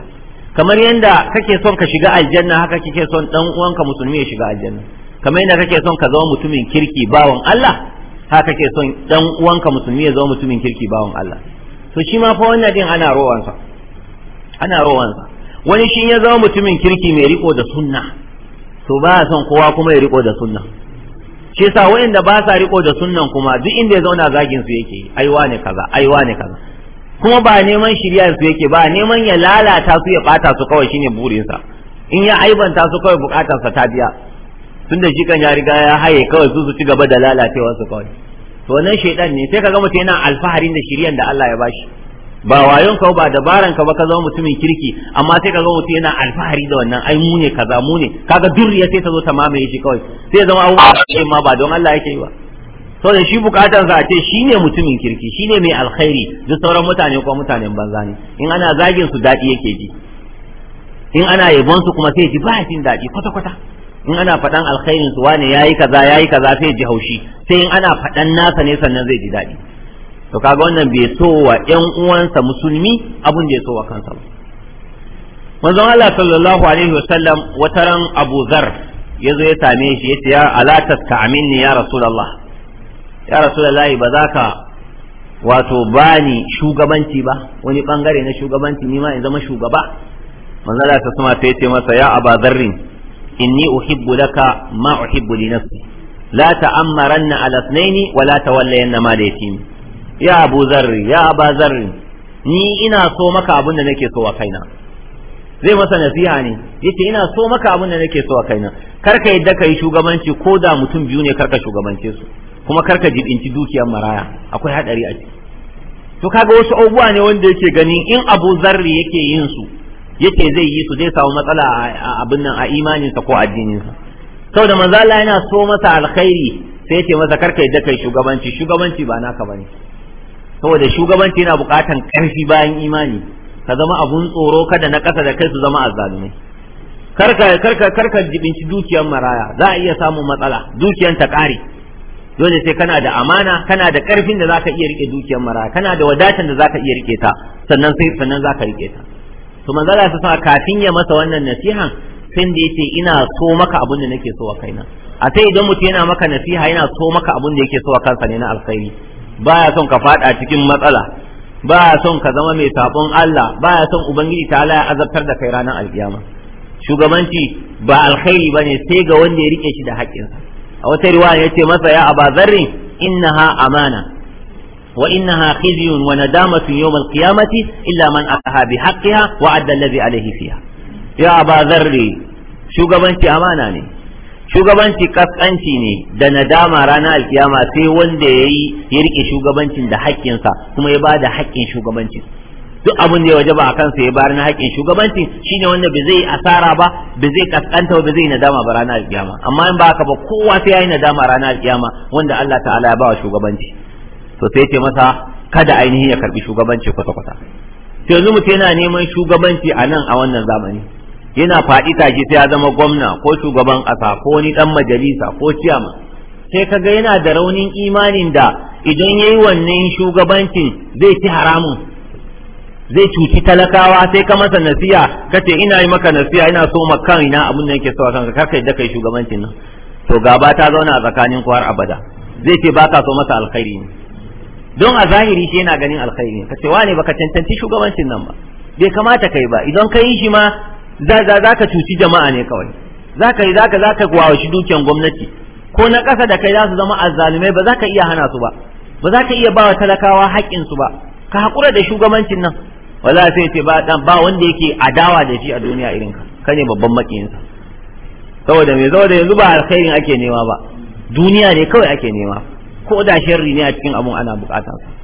Speaker 1: kamar yadda kake son ka shiga aljanna haka kake son dan uwanka musulmi ya shiga aljanna kamar yadda kake son ka zama mutumin kirki bawan Allah haka kake son dan uwanka musulmi ya zama mutumin kirki bawan Allah to shi ma fa wannan din ana rowansa ana rowansa wani shi ya zama mutumin kirki mai riko da sunna to ba ya son kowa kuma ya riko da sunna shi yasa wayanda ba sa riko da sunnan kuma duk inda ya zauna zagin su yake aiwa ne kaza aiwa ne kaza kuma ba neman shirya su yake ba neman ya lalata su ya bata su kawai shine burinsa in ya aibanta su kawai sa ta biya tunda shi kan ya riga ya haye kawai su su ci gaba da lalacewa su kawai to wannan shaidan ne sai kaga mutum yana alfaharin da shiryan da Allah ya bashi ba wayon ka ba dabaran ka ba ka zama mutumin kirki amma sai ka ga mutum yana alfahari da wannan ai mu ne kaza mu ne kaga durriya sai ta zo ta mamaye shi kawai sai zama abubuwa ma ba don Allah yake yi ba so da shi bukatar sa a ce shi mutumin kirki shi mai alkhairi duk sauran mutane ko mutanen banza ne in ana zagin su dadi yake ji in ana yabon su kuma sai ji ba jin daɗi kwata kwata in ana faɗan alkhairin su wane yayi kaza yayi kaza sai ji haushi sai in ana faɗan nasa ne sannan zai ji daɗi to kaga wannan bai so wa ƴan uwansa musulmi abin da ya so wa kansa ba manzon Allah sallallahu alaihi wasallam wataran Abu Zar zo ya same shi yace ya ala tasta'minni ya rasulullah ya rasulullah ba za ka wato bani shugabanci ba wani bangare na shugabanci ni ma in zama shugaba manzon Allah ta sama ce masa ya Abu Zarr inni uhibbu laka ma uhibbu li nafsi la ta'ammaranna ala ithnaini wa la tawallayanna ma da yatimi ya abu zarri ya aba zarri ni ina so maka abin da nake so a kaina zai masa nasiha ne yace ina so maka abin da nake so a kaina kar ka yadda kai shugabanci ko da mutum biyu ne karka shugabance su kuma karka jibinci dukiyar maraya akwai hadari a ciki to kaga wasu abubuwa ne wanda yake gani in abu zarri yake yin su yake zai yi su zai samu matsala a abin nan a imaninsa ko addininsa saboda manzo Allah yana so masa alkhairi sai yace masa karka yadda kai shugabanci shugabanci ba naka bane saboda shugabanci yana bukatan karfi bayan imani ka zama abun tsoro kada na kasa da kai su zama azzalumai karka karka karka jibinci dukiyar maraya za a iya samun matsala dukiyar ta kare dole sai kana da amana kana da karfin da zaka iya rike dukiyar maraya kana da wadatan da zaka iya rike ta sannan sai sannan zaka rike ta to manzo Allah sa kafin ya masa wannan nasihan sai da yace ina so maka abin da nake so a kaina a sai idan mutum yana maka nasiha yana so maka abin da yake so a kansa ne na alkhairi baya son ka fada cikin matsala baya son ka zama mai sabon Allah baya son ubangiji ta ya azabtar da kai ranar alkiyama shugabanci ba alkhairi bane sai ga wanda ya rike shi da haƙƙinsa a wata riwaya yace masa ya aba zarrin innaha amana wa innaha khizyun wa nadamatun yawm alqiyamati illa man ataha bi haqqiha wa adda alladhi alayhi fiha ya zarri shugabanci amana ne shugabanci kaskanci ne da nadama ranar alkiyama sai wanda ya yi ya rike shugabancin da haƙƙinsa kuma ya ba da haƙƙin shugabancin duk abin da ya waje ba a kansa ya bayar na haƙƙin shugabancin shine wanda ba zai asara ba ba zai kaskanta ba zai nadama ba ranar alkiyama amma in ba haka ba kowa sai ya yi nadama ranar alkiyama wanda Allah ta'ala ya ba wa shugabanci to sai ce masa kada ainihin ya karbi shugabanci kwata-kwata sai yanzu mutum yana neman shugabanci a nan a wannan zamani yana faɗi tashi sai ya zama gwamna ko shugaban ƙasa ko wani ɗan majalisa ko ciyama sai kaga yana da raunin imanin da idan ya yi wannan shugabancin zai ci haramun zai cuci talakawa sai ka masa nasiya kace ina yi maka nasiya ina so ma kan ina abun da yake so kanka kaka yadda kai shugabancin nan to gaba ta zauna a tsakanin ku har abada zai ce baka so masa alkhairi ne don a zahiri shi yana ganin alkhairi ne kace wane baka cancanci shugabancin nan ba bai kamata kai ba idan ka yi shi ma za za ka cuci jama'a ne kawai za ka yi za ka za ka shi dukiyan gwamnati ko na ƙasa da kai za su zama azzalumai ba za ka iya hana su ba ba za ka iya ba wa talakawa su ba ka haƙura da shugabancin nan wala sai ce ba dan ba wanda yake adawa da shi a duniya irin ka kane babban makiyinsa saboda me saboda yanzu ba alkhairin ake nema ba duniya ne kawai ake nema ko da sharri ne a cikin abun ana bukatansa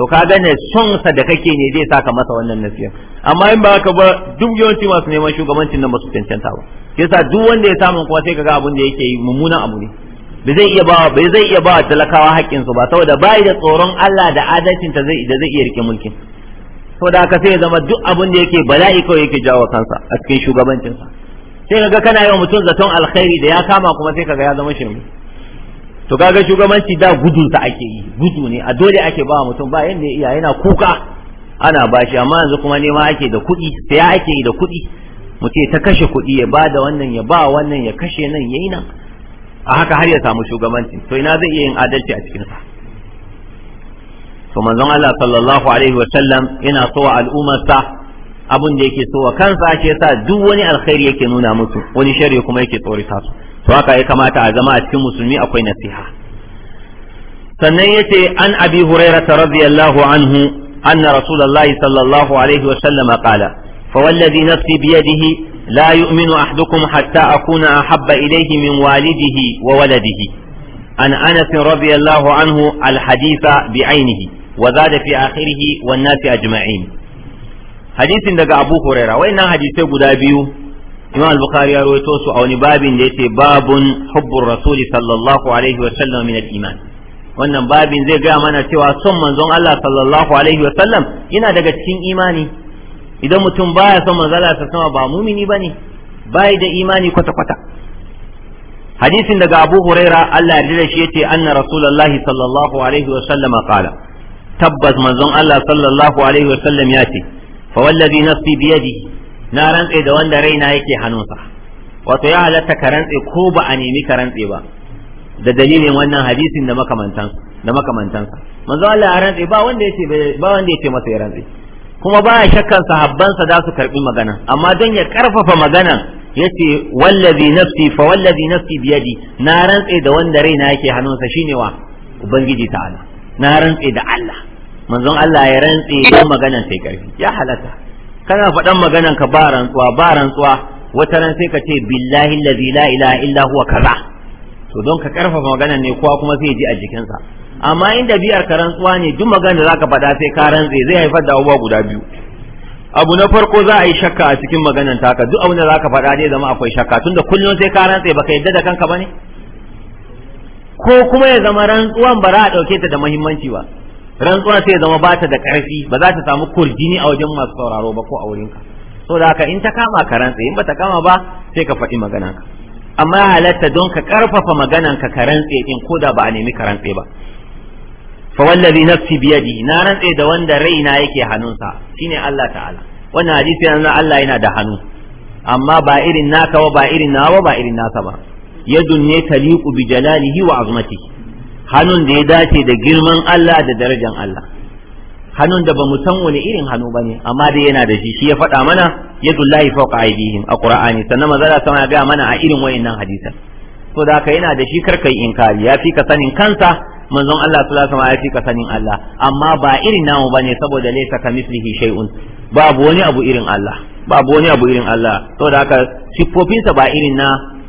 Speaker 1: to ka gane son sa da kake ne zai saka masa wannan nasiya amma in ba ka ba duk yawanci masu neman shugabancin nan ba su cancanta ba yasa duk wanda ya samu kuma sai kaga abin da yake yi mummunan abu ne bai zai iya ba zai iya ba talakawa haƙƙin su ba saboda bai da tsoron Allah da adalcin ta zai da zai iya rike mulkin saboda haka sai ya zama duk abin da yake bala'i kawai yake jawo kansa a cikin shugabancin sa sai kaga kana yawan mutum zaton alkhairi da ya kama kuma sai kaga ya zama shirme to kaga shugabanci da gudun sa ake yi gudu ne a dole ake ba mutum ba yanda iya yana kuka ana bashi amma yanzu kuma nema ake da kuɗi saya ake yi da kuɗi mutum ta kashe kuɗi ya ba da wannan ya ba wannan ya kashe nan yayi nan a haka har ya samu shugabanci to ina zai iya yin adalci a cikin sa to manzon Allah sallallahu alaihi wa sallam yana so sa. abun da yake so wa kansa shi yasa duk wani alkhairi yake nuna musu wani sharri kuma yake tsorata su to haka ya kamata a zama a cikin musulmi akwai nasiha sannan yace an abi hurairah radiyallahu anhu anna rasulullahi sallallahu alaihi wa sallam qala فوالذي نفسي بيده لا يؤمن أحدكم حتى أكون أحب إليه من والده وولده anhu أنس رضي الله عنه الحديث بعينه وزاد في آخره والناس أجمعين hadisin daga Abu Huraira wayannan hadisai guda biyu Imam Al-Bukhari ya rawaito su a wani babin da yace babun hubbur rasuli sallallahu alaihi wa sallam min al-iman wannan babin zai ga mana cewa son manzon Allah sallallahu alaihi wa sallam yana daga cikin imani idan mutum baya son manzon Allah sallallahu ba mumini bane bai da imani kwata kwata hadisin daga Abu Huraira Allah ya da shi yace anna rasulullahi sallallahu alaihi wa sallama qala tabbas manzon Allah sallallahu alaihi wa sallam ya ce fa wallazi nafsi biyadihi na rantse da wanda raina yake hannunsa wato ya halatta ka rantse ko ba a nemi ka rantse ba da dalilin wannan hadisin da makamantan da makamantansa manzo Allah ya rantse ba wanda yace ba wanda yace masa ya rantse kuma ba ya shakkan sa za su karbi magana amma don ya karfafa magana yace wallazi nafsi fa wallazi nafsi biyadi na rantse da wanda raina yake hannunsa shine wa ubangiji ta'ala na rantse da Allah manzon Allah ya rantse don maganan sai karfi ya halarta. kana faɗan maganan ka ba rantsuwa ba rantsuwa wata ran sai ka ce billahi allazi la ilaha illa huwa kaza to don ka karfafa maganan ne kowa kuma sai ji a jikinsa amma inda biyar ka rantsuwa ne duk maganar zaka fada sai ka rantse zai haifar da abubuwa guda biyu abu na farko za a yi shakka a cikin maganar taka duk abin da zaka faɗa zai zama akwai shakka tunda kullum sai ka rantse baka yadda da kanka bane ko kuma ya zama rantsuwan ba za a ɗauke ta da muhimmanci ba rantsuwa sai zama ba ta da ƙarfi ba za ta samu kurjini a wajen masu sauraro ba ko a wurinka da haka in ta kama ka rantsa in ba ta kama ba sai ka faɗi magana ka amma halatta don ka ƙarfafa maganan ka ka rantse in ko da ba a nemi ka rantse ba fa wallazi nafsi biyadi na rantse da wanda raina yake hannunsa shine Allah ta'ala wannan hadisi yana Allah yana da hannu amma ba irin naka ba ba irin nawa ba irin nasa ba yadun ne taliqu bi jalalihi wa azmatihi hannun da ya dace da girman Allah da darajan Allah hannun da ba mu san wani irin hannu bane amma dai yana da shi shi ya faɗa mana yadullahi fawqa fauka a qur'ani sannan mazala sama ya ga mana a irin wayannan hadisan to da haka yana da shi karkai inkari ya fi ka sanin kansa manzon Allah sallallahu alaihi ya fi ka sanin Allah amma ba irin namu bane saboda laysa mislihi shay'un babu wani abu irin Allah babu wani abu irin Allah to da haka siffofinsa ba irin na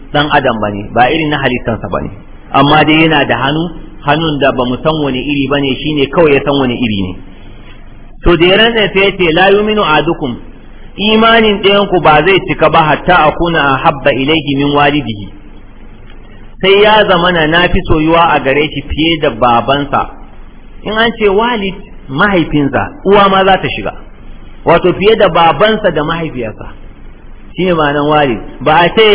Speaker 1: dan adam bane ba irin na halittansa bane amma dai yana da hannu hannun da ba mu san wani iri ba ne shi ne kawai ya san wani iri ne to da yaran da sai ce la yuminu adukum imanin ɗayanku ba zai cika ba hatta a akuna habba ilaihi min walidihi sai ya zamana na fi soyuwa a gare shi fiye da babansa in an ce walid mahaifinsa uwa ma za ta shiga wato fiye da babansa da mahaifiyarsa shine ma'anan walid ba a ce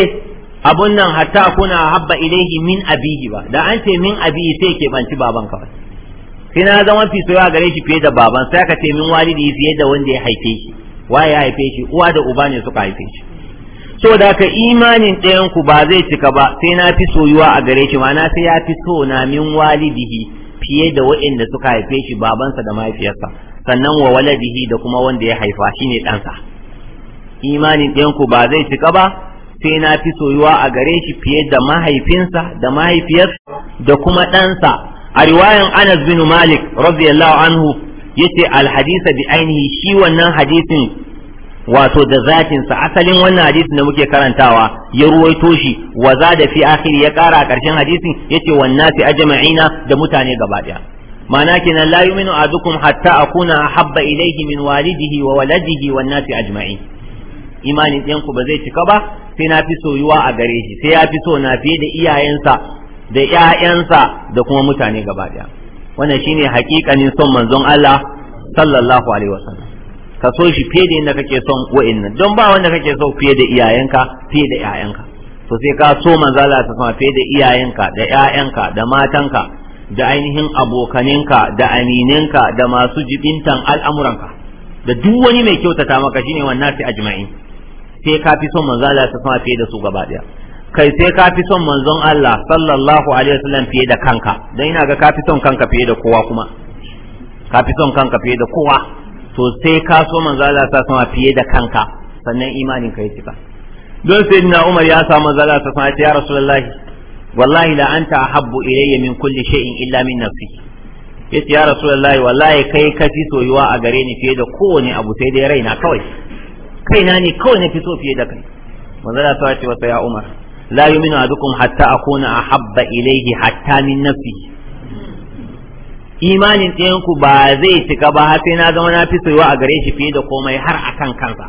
Speaker 1: abun nan hatta kuna habba ilaihi min abihi ba da an ce min abihi sai ke banci baban kawai sai na zama fi soyawa gare shi fiye da baban sai ka ce min walidi fiye da wanda ya haife shi waye ya haife shi uwa da uba ne suka haife shi so da ka imanin ɗayan ku ba zai cika ba sai na fi soyuwa a gare shi ma'ana sai ya fi so na min walidihi fiye da waɗanda suka haife shi babansa da mahaifiyarsa sannan wa waladihi da kuma wanda ya haifa shine ɗansa imanin ɗayan ku ba zai cika ba sai na fi soyuwa a gare shi fiye da mahaifinsa da mahaifiyarsa da kuma ɗansa a riwayan Anas bin Malik radiyallahu anhu yace alhadisa bi ainihi shi wannan hadisin wato da zatin sa asalin wannan hadisi da muke karantawa ya ruwaito shi wa da fi akhiri ya kara a karshen hadisin yace wannan fi ajma'ina da mutane gaba daya ma'ana kenan la yu'minu ahadukum hatta akuna habba ilayhi min walidihi wa waladihi wan nasi ajma'in imanin ɗiyanku ba zai cika ba sai na fi soyuwa a gare shi sai ya fi so na fiye da iyayensa da ƴaƴansa da kuma mutane gaba daya wannan shine hakikanin son manzon Allah sallallahu alaihi wasallam ka so shi fiye da yadda kake son wa'annan don ba wanda kake so fiye da iyayenka fiye da ƴaƴanka to sai ka so manzo Allah ta sama fiye da iyayenka da ƴaƴanka da matanka da ainihin abokaninka da amininka da masu jibintan al'amuranka da duk wani mai kyautata maka shine wannan sai ajma'in sai ka fi son manzon Allah ta sama fiye da su gaba daya kai sai ka fi son manzon Allah sallallahu alaihi wasallam fiye da kanka dan ina ga ka fi son kanka fiye da kowa kuma ka fi son kanka fiye da kowa to sai ka so manzon Allah ta sama fiye da kanka sannan imanin ka ya cika don sayyidina Umar ya samu manzon Allah ta sama ya rasulullahi wallahi la anta ahabbu ilayya min kulli shay'in illa min nafsi yace ya rasulullahi wallahi kai ka fi soyuwa a gare ni fiye da kowane abu sai dai raina kawai kaina ne kawai na fi so fiye da kai manzala ta ce wata ya umar la yuminu adukum hatta akuna ahabba ilayhi hatta min nafsi imanin ɗayan ku ba zai cika ba har sai na zama na fi soyuwa a gare shi fiye da komai har akan kansa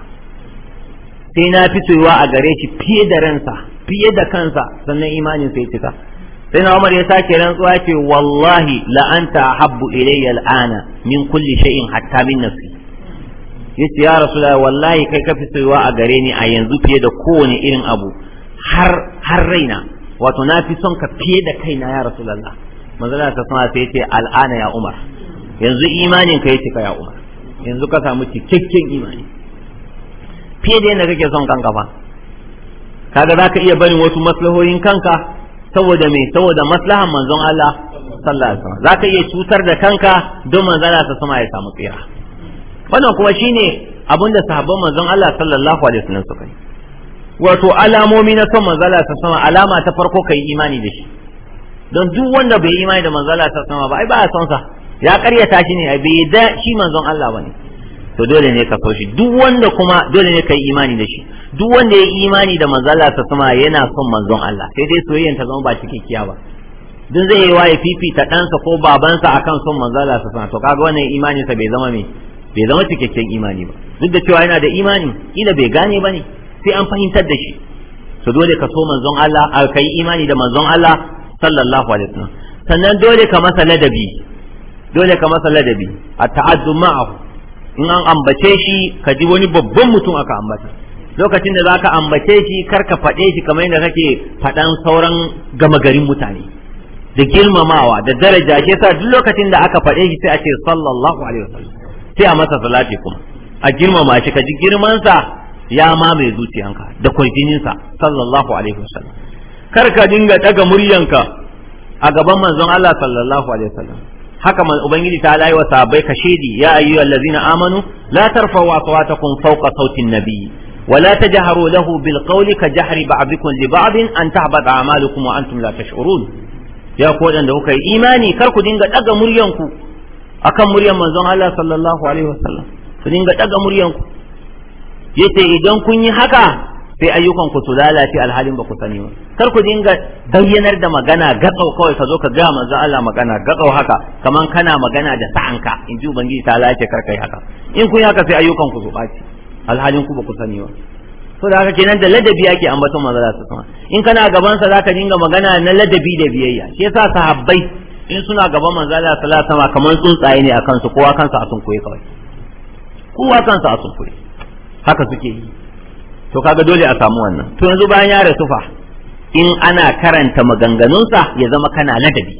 Speaker 1: sai na fi soyuwa a gare shi fiye da ransa fiye da kansa sannan imanin sai cika sai na umar ya sake rantsuwa ce wallahi la anta ahabbu ilayya al'ana min kulli shay'in hatta min nafsi yace ya rasulullah wallahi kai ka fi soyuwa a gare ni a yanzu fiye da kowane irin abu har har raina wato na fi son ka fiye da kaina ya rasulullah manzon Allah sallallahu alaihi yace al'ana ya umar yanzu imanin ka yace ka ya umar yanzu ka samu cikakken imani fiye da yadda kake son kanka fa kaga zaka iya barin wasu maslahoyin kanka saboda me saboda maslahan manzon Allah sallallahu alaihi wasallam zaka iya cutar da kanka don manzon Allah sallallahu alaihi wasallam ya samu tsira wannan kuma shine abin da sahabban manzon Allah sallallahu alaihi wasallam suka yi wato alamomi na son manzon Allah sama alama ta farko kai imani da shi don duk wanda bai imani da manzon Allah sama ba ai ba son sa ya karyata shi ne ai bai da shi manzon Allah bane to dole ne ka so shi duk wanda kuma dole ne kai imani da shi duk wanda ya imani da manzon Allah sama yana son manzon Allah sai dai soyayyen ta zama ba kiya ba dun zai yi waye fifita ɗansa ko babansa akan son manzon Allah sama to kaga wannan imaninsa bai zama mai bai zama cikakken imani ba duk da cewa yana da imani kila bai gane ba ne sai an fahimtar da shi to dole ka so manzon Allah a kai imani da manzon Allah sallallahu alaihi wasallam sannan dole ka masa ladabi dole ka masa ladabi a ta'addu ma'ahu in an ambace shi ka ji wani babban mutum aka ambata lokacin da zaka ambace shi kar ka faɗe shi kamar yadda kake faɗan sauran gama garin mutane da girmamawa da daraja shi yasa duk lokacin da aka faɗe shi sai a ce sallallahu alaihi wasallam sai a masa salati kuma a girmama shi ka ji girmansa ya mamaye zuciyanka da kwarjininsa sallallahu alaihi wasallam kar ka dinga daga muryanka a gaban manzon Allah sallallahu alaihi wasallam haka man ubangiji ta layi wa sahabbai ka shedi ya ayyuhallazina amanu la tarfa'u aswatakum fawqa sautin nabiyyi ولا تجهروا له بالقول كجهر بعضكم لبعض أن تهبط أعمالكم وأنتم لا تشعرون يا قول أن لو كي إيماني كركو دينغا أغا مريانكو akan muryar manzon Allah sallallahu alaihi wasallam su dinga daga muryan ku yace idan kun yi haka sai ayyukan ku su lalace alhalin ba ku sani ba kar ku dinga bayyanar da magana gatsau kawai ka zo ka ga manzon Allah magana gatsau haka kaman kana magana da sa'anka in ji ubangiji ta lalace kar kai haka in kun yi haka sai ayyukan ku su baci alhalin ku ba ku sani ba so da haka kenan da ladabi ake ambaton manzon Allah sallallahu alaihi wasallam in kana gaban sa zaka dinga magana na ladabi da biyayya shi yasa sahabbai in suna gaban manzo Allah sallallahu alaihi wasallam kamar tsuntsaye ne akan su kowa kansa a sunkuye kawai kowa kansa a sunkuye haka suke yi to kaga dole a samu wannan to yanzu bayan ya rasu fa in ana karanta maganganunsa ya zama kana ladabi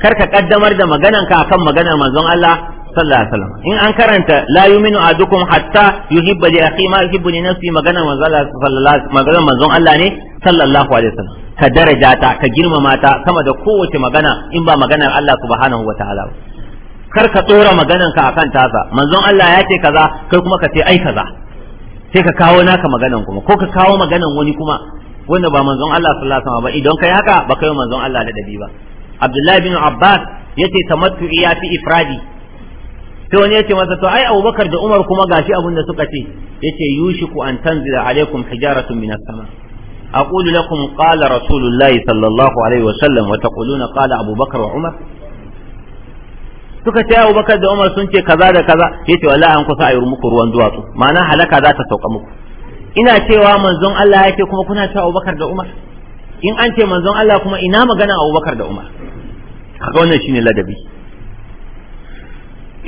Speaker 1: kar ka kaddamar da magananka akan maganar manzon Allah sallallahu alaihi wasallam in an karanta la yuminu adukum hatta yuhibba li akhi ma yuhibbu li nafsi magana manzon Allah magana manzon Allah ne sallallahu alaihi wasallam ka daraja ta ka girmama ta sama da kowace magana in ba maganar Allah subhanahu wataala kar ka tsora maganar ka akan tasa manzon Allah ya ce kaza kai kuma ka ce ai kaza sai ka kawo naka maganan kuma ko ka kawo maganan wani kuma wanda ba manzon Allah sallallahu alaihi wasallam ba idan kai haka ba kai manzon Allah da dabi ba Abdullahi bin Abbas yace tamattu ya fi ifradi sai wani yace masa to ai Abubakar da Umar kuma gashi abin da suka ce yace yushiku an tanzila alaikum hijaratun minas sama' أقول لكم قال رسول الله صلى الله عليه وسلم وتقولون قال أبو بكر وعمر suka ce Abu Bakar da Umar sun ce kaza da kaza ce wallahi an kusa a yi muku ruwan duwatsu ma'ana halaka za ta sauka muku ina cewa manzon Allah ya ce kuma kuna cewa Abu Bakar da Umar in an ce manzon Allah kuma ina magana Abu Bakar da Umar kaga wannan shine ladabi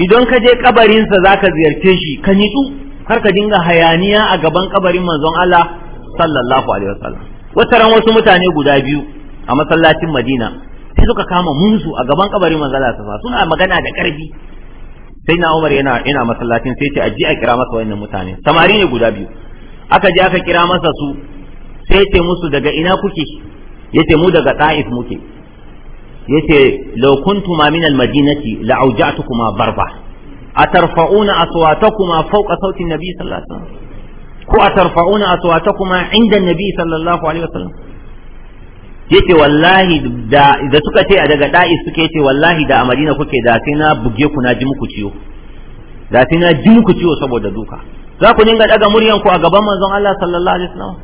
Speaker 1: idan ka je kabarinsa ka ziyarce shi ka nitsu kar ka dinga hayaniya a gaban kabarin manzon Allah sallallahu alaihi wasallam wata ran wasu mutane guda biyu a masallacin Madina sai suka kama munsu a gaban kabarin manzo Allah suna magana da karfi sai na Umar yana yana masallacin sai ce aje a kira masa wannan mutane samari ne guda biyu aka je aka kira masa su sai ce musu daga ina kuke yace mu daga Taif muke yace law kuntuma min al-madinati la'awja'tukuma barba atarfa'una aswatakuma fawqa sauti an-nabi sallallahu alaihi wasallam ko a tarfa'una kuma inda nabi sallallahu alaihi wasallam ce wallahi da suka ce a daga da'i suke ce wallahi da a Madina kuke da sai na buge ku na ji muku ciwo da sai na ji muku ciwo saboda duka za ku dinga daga muryan ku a gaban manzon Allah sallallahu alaihi wasallam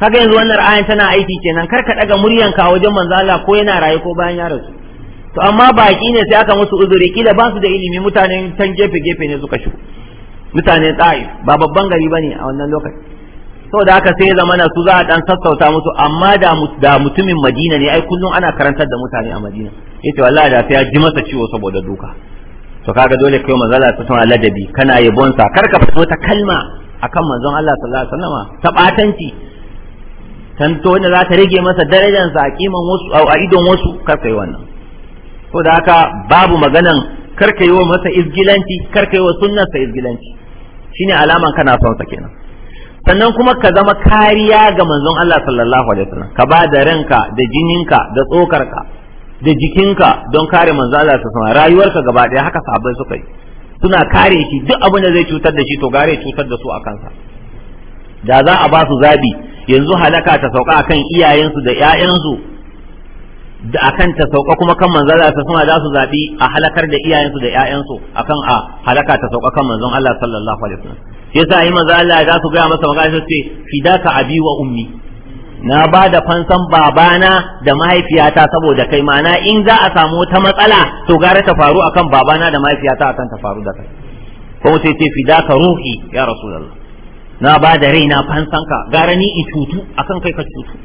Speaker 1: kaga yanzu wannan ayan tana aiki kenan kar ka daga muryan ka wajen manzon Allah ko yana raye ko bayan ya rasu to amma baki ne sai aka musu uzuri kila ba su da ilimi mutanen can gefe gefe ne suka shigo mutane ta'if ba babban gari bane a wannan lokaci da haka sai zamana su za a dan sassauta musu amma da da mutumin Madina ne ai kullum ana karantar da mutane a Madina yace wallahi da sai ya ji masa ciwo saboda duka to kaga dole kai mazala ta tana ladabi kana yabon sa kar ka fito ta kalma akan manzon Allah sallallahu alaihi wasallama ta batanci tanto wanda za ta rage masa darajarsa a kiman wasu a idon wasu kar ka yi wannan da haka babu maganan kar ka yi wa masa izgilanci kar ka yi wa sunnarsa izgilanci shine alaman kana son sa kenan sannan kuma ka zama kariya ga manzon Allah sallallahu alaihi wasallam ka ba da ranka da jininka da tsokarka da jikinka don kare manzon Allah sallallahu alaihi rayuwarka gaba daya haka sabai suka yi suna kare shi duk abin da zai cutar da shi to gare cutar da su a kansa da za a ba su zabi yanzu halaka ta sauka akan iyayensu da 'ya'yansu da akan ta sauka kuma kan manzon Allah sallallahu alaihi wasallam zabi a halakar da iyayensu da ƴaƴansu akan a halaka ta sauka kan manzon Allah sallallahu alaihi wasallam yasa yi manzon Allah za su ga masa magana sai fidaka abi wa ummi na ba da fansan babana da mahaifiyata saboda kai mana in za a samu ta matsala to gara ta faru akan babana da mahaifiyata akan ta faru da kai ko sai ce fidaka ruhi ya rasulullah na ba da raina fansanka gara ni in cutu akan kai ka cutu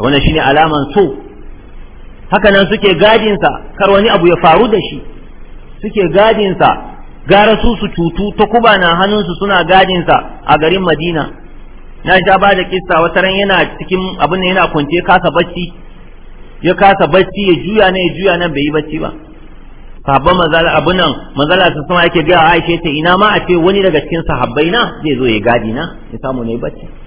Speaker 1: wannan shine alaman so haka nan suke gadinsa kar wani abu ya faru da shi suke gadinsa gara su su cutu ta kuba na hannunsu suna gadinsa a garin madina na sha ba da kissa wata ran yana cikin abin yana kwance kasa bacci ya kasa bacci ya juya ne ya juya nan bai yi bacci ba sabon mazala abun nan su sama yake ga Aisha ta ina ma a ce wani daga cikin sahabbai na zai zo ya gadi na ya samu ne bacci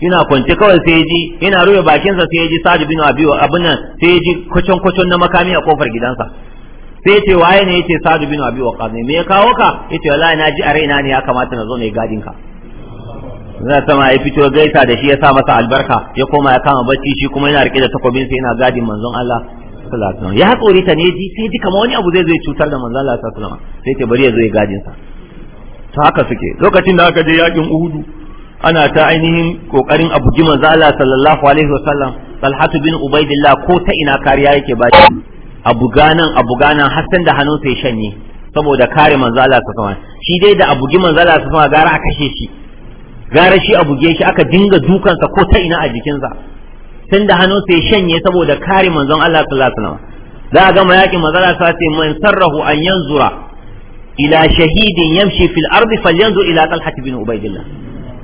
Speaker 1: yana kwance kawai sai ya ji yana rufe bakinsa sai ya ji Sa'd bin Abi abun nan sai ji kucin kucin na makami a kofar gidansa sai ya ce waye ne yace Sa'd bin Abi wa ne me ya kawo ka yace wallahi na ji a raina ne ya kamata na zo ne gadin ka za ta ma ya fito gaisa da shi ya sa masa albarka ya koma ya kama bacci shi kuma yana rike da takobin sai yana gadin manzon Allah sallallahu alaihi ya hakuri ta ne ji sai ji kamar wani abu zai zo cutar da manzon Allah sallallahu alaihi wasallam sai ce bari ya zo ya gadin sa to haka suke lokacin da aka je yakin Uhudu ana ta ainihin kokarin a bugi manzo Allah sallallahu alaihi wasallam Talhatu bin Ubaidillah ko ta ina kariya yake ba shi a buga nan a buga nan har san da hannunsa ya shanye saboda kare manzo Allah sallallahu alaihi wasallam shi dai da abu bugi manzo Allah sallallahu alaihi gara aka kashe shi gara shi a buge shi aka dinga sa ko ta ina a jikinsa san da hannunsa ya shanye saboda kare manzon Allah sallallahu alaihi wasallam za a gama yakin manzo Allah sallallahu alaihi wasallam man sarrahu an yanzura ila shahidin yamshi fil ardi falyanzur ila Talhatu bin ubaidillah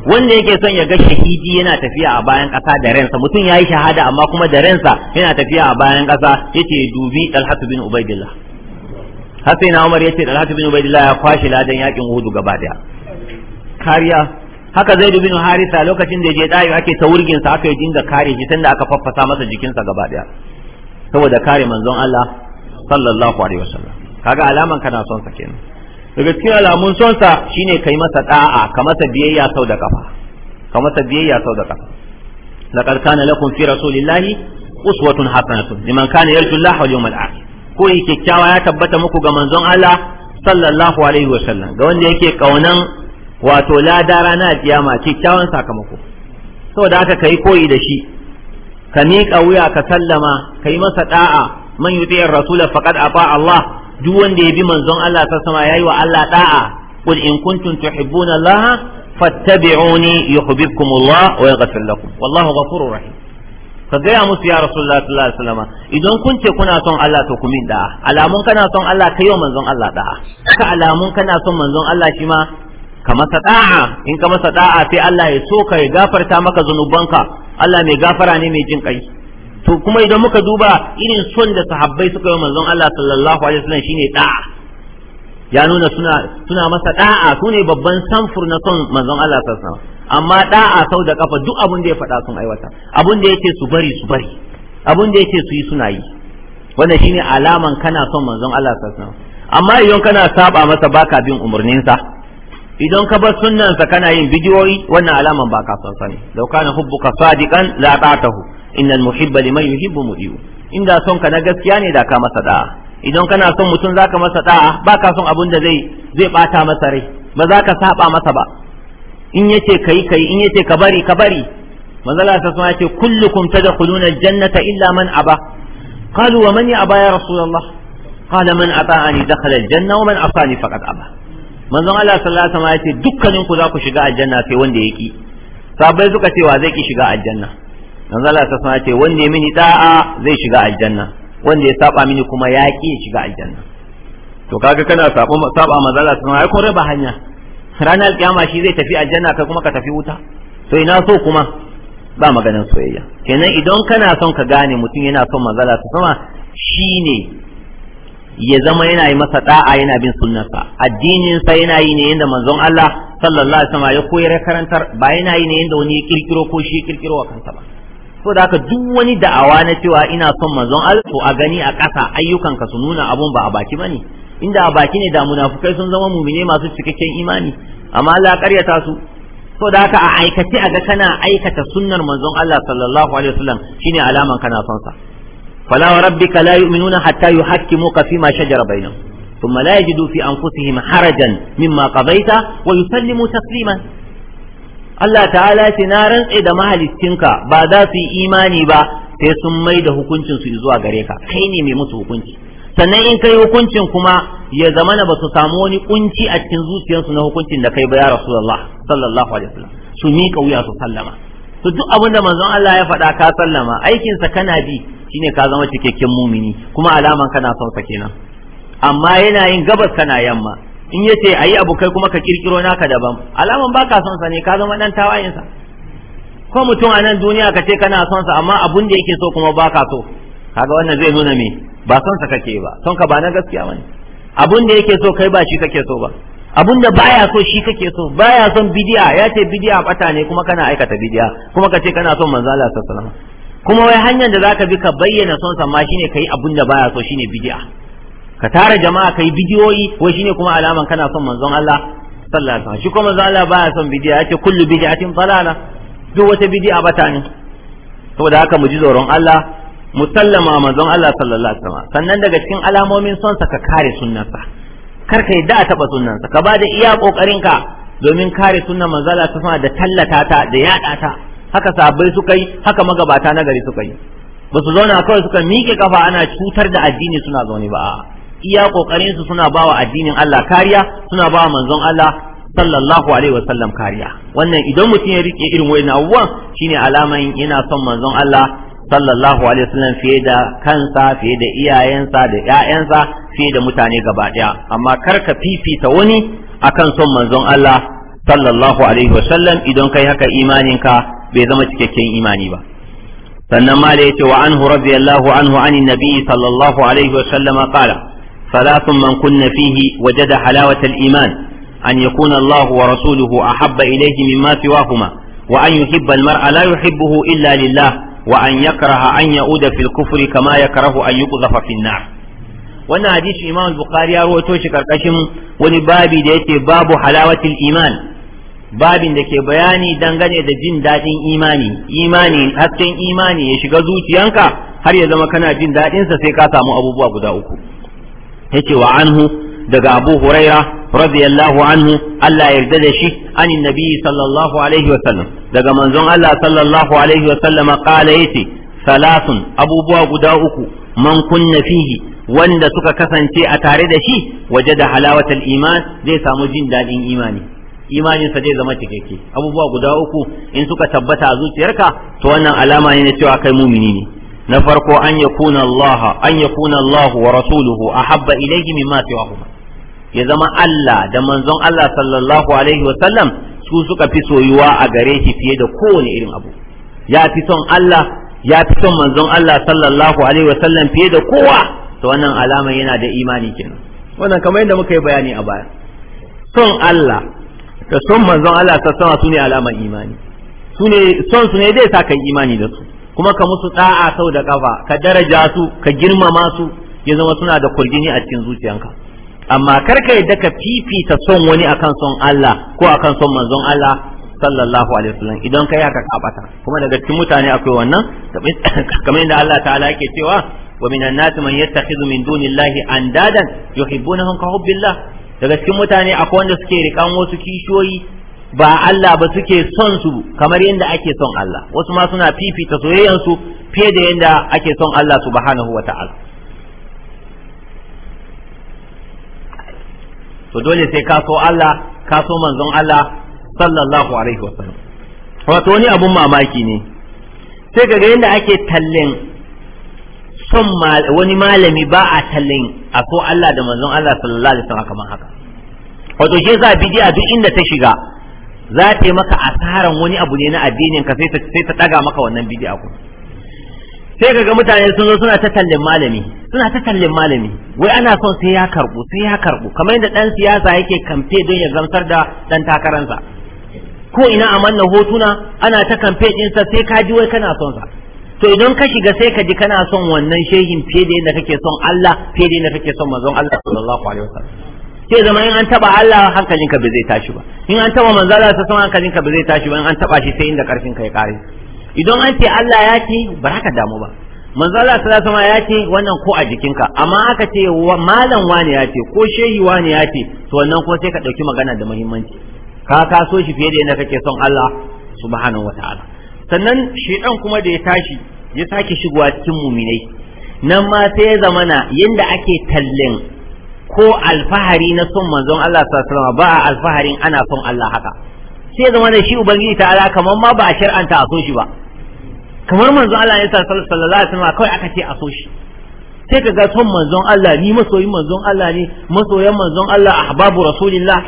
Speaker 1: wanda yake son ya ga shahidi yana tafiya a bayan ƙasa da ransa mutum ya yi shahada amma kuma da ransa yana tafiya a bayan ƙasa yace dubi ɗalhatu bin Ubaidillah hasai na Umar yace ɗalhatu bin Ubaidillah ya kwashe ladan yakin hudu gaba daya kariya haka dubi bin Harisa lokacin da je dayo ake ta wurginsa aka yi dinga kare shi tunda aka faffasa masa jikinsa gaba daya saboda kare manzon Allah sallallahu alaihi wasallam kaga alaman kana son sa kenan daga cikin alamun sonsa shine kai masa da'a ka masa biyayya sau da kafa ka masa biyayya sau da kafa laqad kana lakum fi rasulillahi uswatun hasanatun liman kana yarju Allah wal yawmal akhir ko yake kyakkyawa ya tabbata muku ga manzon Allah sallallahu alaihi wa sallam ga wanda yake kaunan wato lada na kiyama kyakkyawan sakamako saboda haka kai koyi da shi ka miƙa wuya ka sallama kai masa da'a man yuti rasul faqad ata Allah duk wanda ya bi manzon Allah ta sama yayi wa Allah da'a qul in kuntum tuhibbuna Allah fattabi'uni yuhibbukum Allah wa yaghfir lakum wallahu ghafurur rahim ka gaya musu ya rasu sallallahu alaihi wasallam idan kun ce kuna son Allah to ku min da'a alamun kana son Allah kai yau manzon Allah da'a ka alamun kana son manzon Allah shi ma ka masa da'a in ka masa da'a sai Allah ya so ka ya gafarta maka zanubanka Allah mai gafara ne mai jin kai to kuma idan muka duba irin son da sahabbai suka yi manzon Allah sallallahu alaihi wasallam shine da ya nuna suna suna masa da'a sune babban samfur na son manzon Allah sallallahu alaihi wasallam amma da'a sau da kafa duk abin da ya faɗa sun aiwata abin da yake su bari su bari abin da yake su yi suna yi wannan shine alaman kana son manzon Allah sallallahu alaihi wasallam amma idan kana saba masa baka bin umarninsa idan ka bar sunnansa kana yin bidiyoyi wannan alaman ba ka son sani law kana hubbuka sadiqan la ta'tahu innal muhibba liman yuhibbu mudiu inda son ka na gaskiya ne da ka masa da'a idan kana son mutum zaka masa da'a ba ka son abun da zai zai bata masa rai ba za ka saba masa ba in yace kai kai in yace ka bari ka bari manzala ta sama yace kullukum tadkhuluna jannata illa man aba qalu wa man aba ya rasulullah qala man ata'ani dakhala aljanna wa man asani faqad aba manzon Allah sallallahu alaihi wasallam yace dukkanin ku za ku shiga aljanna sai wanda yake sabai suka ce wa zai ki shiga aljanna manzo Allah ta sanar ce wanda ya mini da'a zai shiga aljanna wanda ya saba mini kuma ya ki shiga aljanna to kaga kana saba saba manzo Allah ta ai ko raba hanya ranar kiyama shi zai tafi aljanna kai kuma ka tafi wuta to ina so kuma ba maganar soyayya kenan idan kana son ka gane mutum yana son manzo Allah ta sama shine ya zama yana yi masa da'a yana bin sunnarsa addinin sa yana yi ne yanda manzon Allah sallallahu alaihi wasallam ya koyar karantar ba yana yi ne yanda wani ya kirkiro ko shi kirkiro wa kansa ba so da haka duk wani da'awa na cewa ina son manzon Allah to a gani a ƙasa ka su nuna abun ba a baki bane inda a baki ne da munafukai sun zama mumine masu cikakken imani amma Allah ta su so da haka a aikace a ga kana aikata sunnar manzon Allah sallallahu alaihi wasallam shine alaman kana son sa fala wa rabbika la yu'minuna hatta yuhakkimuka fi ma shajara bainahum thumma la yajidu fi anfusihim harajan mimma qadaita wa yusallimu taslima Allah ta'ala ce na rantse da ka ba za su yi imani ba sai sun mai da hukuncin su zuwa gare ka kai ne mai musu hukunci sannan in kai hukuncin kuma ya zamana ba su samu wani kunci a cikin zuciyarsu na hukuncin da kai ba ya rasulullah sallallahu alaihi wasallam su miƙa wuya su sallama to duk abin da manzon Allah ya faɗa ka sallama aikinsa kana bi shine ka zama cikakken mumini kuma alaman kana son kenan amma yana yin gabas kana yamma in yace ayi abu kai kuma ka kirkiro naka daban alaman baka son sa ne ka zama dan tawayen sa ko mutum a nan duniya ka ce kana son sa amma abun da yake so kuma baka so kaga wannan zai nuna me ba son sa kake ba son ka ba na gaskiya bane abun da yake so kai ba shi kake so ba abun da baya so shi kake so baya son bidiya ya ce bidiya bata ne kuma kana aikata bidiya kuma ka ce kana son manzo Allah sallallahu alaihi wasallam kuma wai hanyar da zaka bi ka bayyana son sa ma shine kai abun da baya so shine bidiya ka tara jama'a kai bidiyoyi wai shine kuma alaman kana son manzon Allah sallallahu alaihi wasallam shi kuma manzon Allah baya son bidiya yace kullu bid'atin dalala duk wata bidi'a bata ne saboda haka mu ji tsoron Allah musallama manzon Allah sallallahu alaihi wasallam sannan daga cikin alamomin son sa ka kare sunnarsa kar ka yadda a taba sunnarsa ka bada iya kokarin ka domin kare sunnar manzon Allah sallallahu da tallata ta da yada ta haka sahabbai suka yi haka magabata na gari suka yi ba su zauna kawai suka miƙe kafa ana cutar da addini suna zaune ba a'a iya kokarin su suna bawa addinin Allah kariya suna bawa manzon Allah sallallahu alaihi wasallam kariya wannan idan mutum ya rike irin wayan abubuwan shine alaman yana son manzon Allah sallallahu alaihi wasallam fiye da kansa fiye da iyayensa da ƴaƴansa fiye da mutane gaba daya amma kar ka fifita wani akan son manzon Allah sallallahu alaihi wasallam idan kai haka imaninka bai zama cikakken imani ba sannan ma da yace wa anhu radiyallahu anhu anin nabi sallallahu alaihi wasallama qala ثلاث من كن فيه وجد حلاوة الإيمان أن يكون الله ورسوله أحب إليه مما سواهما وأن يحب المرء لا يحبه إلا لله وأن يكره أن يعود في الكفر كما يكره أن يقذف في النار wannan hadisi imam bukhari ya rawaito shi karkashin wani babi da yake babu halawatul iman babin da ke bayani dangane da jin daɗin imani imani hasken imani ya shiga zuciyanka har ya zama kana jin daɗinsa sai ka samu abubuwa guda uku yace wa anhu daga Abu Huraira radiyallahu anhu Allah yarda da shi anin nabi sallallahu alaihi wa sallam daga manzon Allah sallallahu alaihi wa sallama qala yace salatun abubuwa guda uku man kunna fihi wanda suka kasance a tare da shi waje da halawatul iman zai samu jin dadin imani imaninsa zai zama cikakke abubuwa guda uku in suka tabbata a zuciyarka to wannan alama ne na cewa kai mumini ne na farko an yakuna Allah an yakuna Allah wa rasuluhu ahabba ilayhi mimma siwahuma ya zama Allah da manzon Allah sallallahu alaihi wa sallam su suka fi soyuwa a gare shi fiye da kowane irin abu ya fi son Allah ya fi son manzon Allah sallallahu alaihi wa sallam fiye da kowa to wannan alama yana da imani kenan wannan kamar yadda muka yi bayani a baya son Allah da son manzon Allah sallallahu alaihi wa sallam sune alaman imani sune son su ne zai sa kai imani da su kuma ka musu da'a sau da kafa ka daraja su ka girmama su ya zama suna da kurjini a cikin zuciyanka amma kar ka yadda ka fifita son wani akan son Allah ko akan son manzon Allah sallallahu alaihi wasallam idan kai haka ka bata kuma daga cikin mutane akwai wannan kamar yadda Allah ta'ala yake cewa wa minan nasi man yattakhidhu min dunillahi andadan yuhibbunahum ka hubbillah daga cikin mutane akwai wanda suke rikan wasu kishiyoyi ba Allah ba suke son su kamar yadda ake son Allah wasu ma suna fifita soyayyan su fiye da yadda ake son Allah subhanahu wa ta'ala to dole sai ka so Allah ka so manzon Allah sallallahu alaihi wa sallam wato wani abun mamaki ne sai kaga yadda ake tallen son wani malami ba a tallen a so Allah da manzon Allah sallallahu alaihi wa sallam kamar haka wato shi yasa bidi'a duk inda ta shiga za ta yi maka asaran wani abu ne na addinin ka sai ta sai ta daga maka wannan bid'a ku sai kaga mutane sun zo suna ta tallin malami suna ta tallin malami wai ana son sai ya karbu sai ya karbu kamar yadda dan siyasa yake kamfe don ya gamsar da dan takaransa ko ina a manna hotuna ana ta kamfe din sa sai ka ji wai kana son sa to idan ka shiga sai ka ji kana son wannan shehin fiye da yadda kake son Allah fiye da yadda kake son manzon Allah sallallahu alaihi wasallam sai zama in an taba Allah hankalinka ba zai tashi ba in an taba manzala ta sama hankalinka ba zai tashi ba in an taba shi sai inda karfin ka ya kare idan an ce Allah ya ce ba haka damu ba manzala ta sama ya ce wannan ko a jikinka amma aka ce malam wani ya ce ko shehi wani ya ce to wannan ko sai ka dauki magana da muhimmanci ka ka so shi fiye da yadda kake son Allah subhanahu wataala sannan shedan kuma da ya tashi ya sake shigowa cikin muminai nan ma sai ya zamana yadda ake tallin ko alfahari na son manzon Allah sallallahu alaihi ba alfaharin ana son Allah haka sai zama da shi ubangiji ala kamar ma ba a shar'anta a so shi ba kamar manzon Allah ya sallallahu alaihi wasallam kawai aka ce a so shi sai ka ga son manzon Allah ni masoyin manzon Allah ne masoyan manzon Allah ahbabu rasulillah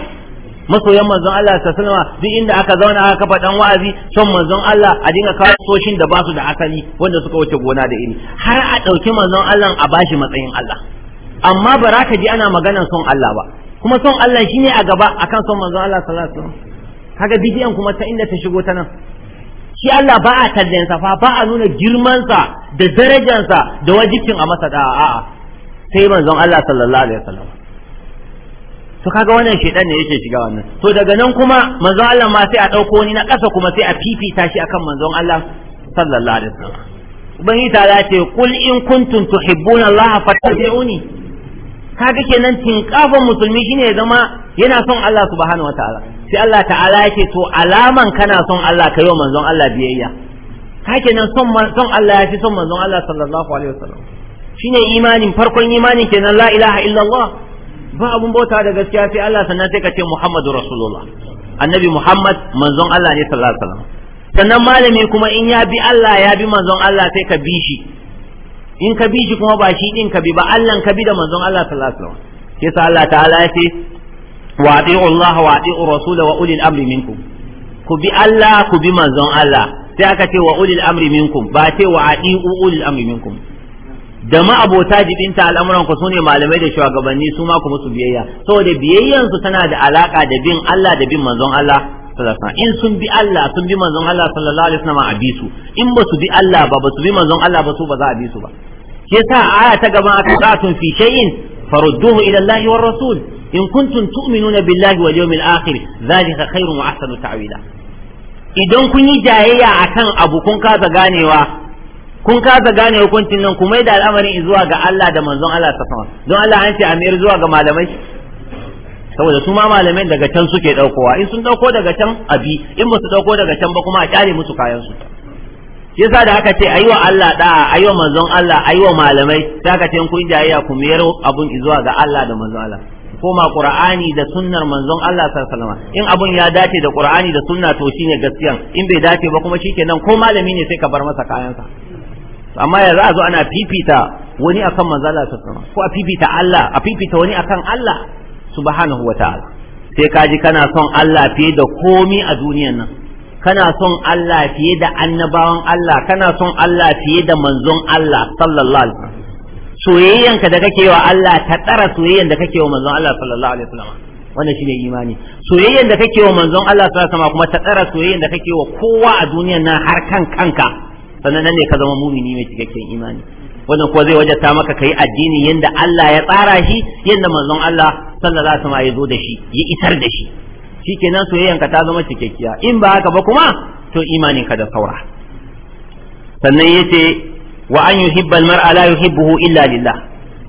Speaker 1: masoyan manzon Allah sallallahu alaihi duk inda aka zauna aka kafa dan wa'azi son manzon Allah a dinga kawo soshin da basu da asali wanda suka wuce gona da ini. har a dauki manzon Allah a bashi matsayin Allah amma ba za ka ji ana maganar son Allah ba kuma son Allah shi ne a gaba a kan son manzon Allah sallallahu alaihi wasallam kaga bidiyan kuma ta inda ta shigo ta nan shi Allah ba a tallensa fa ba a nuna girmansa, da darajarsa da wajibcin a masa da a'a sai manzon Allah sallallahu alaihi wasallam to kaga wannan shedan ne yake shiga wannan to daga nan kuma manzon Allah ma sai a dauko ni na kasa kuma sai a fifita shi akan manzon Allah sallallahu alaihi wasallam ubangi ta ce kul in kuntum tuhibbuna Allah fattabi'uni kaga kenan tinkafan musulmi shine ya zama yana son Allah subhanahu wataala sai Allah ta'ala yake to alaman kana son Allah kayo manzon Allah biyayya kake nan son son Allah ya fi son manzon Allah sallallahu alaihi wasallam shine imanin farkon imanin kenan la ilaha illallah ba abun bauta da gaskiya sai Allah sannan sai ka ce Muhammadu Rasulullah annabi Muhammad manzon Allah ne sallallahu alaihi wasallam sannan malami kuma in ya bi Allah ya bi manzon Allah sai ka bi shi in ka bi shi kuma ba shi din ka bi ba Allah ka bi da manzon Allah sallallahu alaihi wasallam yasa Allah ta'ala ya ce wa ati'u Allah wa ati'u rasula wa ulil amri minkum ku bi Allah ku bi manzon Allah sai aka ce wa ulil amri minkum ba ce wa ati'u ulil amri minkum da ma abota jibinta al'amuran ku sune malamai da shugabanni su ma ku musu biyayya saboda biyayyan su tana da alaka da bin Allah da bin manzon Allah sallallahu in sun bi Allah sun bi manzon Allah sallallahu alaihi wasallam a bi su in ba su bi Allah ba ba su bi manzon Allah ba su ba za a bi su ba shi yasa aya ta gaba aka satun fi shay'in farudduhu ila Allah war rasul in kuntum tu'minuna billahi wal yawmil akhir zalika khairun wa ahsanu ta'wila idan kun yi jayayya akan abu kun kaza ganewa kun kasa gane hukuncin nan kuma da al'amarin zuwa ga Allah da manzon Allah ta sama don Allah an ce amir zuwa ga malamai saboda su ma malamai daga can suke daukowa in sun dauko daga can abi in ba su dauko daga can ba kuma a kyale musu kayan su yasa da aka ce aiwa Allah da aiwa manzon Allah aiwa malamai da aka ce kun jayayya ku miyar abun izuwa ga Allah da manzon Allah koma Qur'ani da sunnar manzon Allah sallallahu alaihi in abun ya dace da Qur'ani da sunna to shine gaskiya in bai dace ba kuma shikenan ko malami ne sai ka bar masa kayansa amma yanzu a zo ana fifita wani akan manzon Allah sallallahu alaihi ko a fifita Allah a fifita wani akan Allah subhanahu wataala sai ka ji kana son Allah fiye da komi a duniyan nan kana son Allah fiye da annabawan Allah kana son Allah fiye da manzon Allah sallallahu alaihi wasallam soyayyanka da kake wa Allah ta tsara soyayyen da kake wa manzon Allah sallallahu alaihi wasallam wannan shine imani soyayyen da kake wa manzon Allah sallallahu alaihi wasallam kuma ta tsara soyayyen da kake wa kowa a duniyar nan har kan kanka sannan nan ne ka zama mumini mai cikakken imani wannan kuwa zai wajata maka kai addini yadda Allah ya tsara shi yadda manzon Allah sallallahu alaihi wasallam ya zo da shi ya isar da shi shikenan soyayyanka ta zama cikakkiya in ba haka ba kuma to imaninka da saura sannan yace wa an yuhibba almar'a la yuhibbuhu illa lillah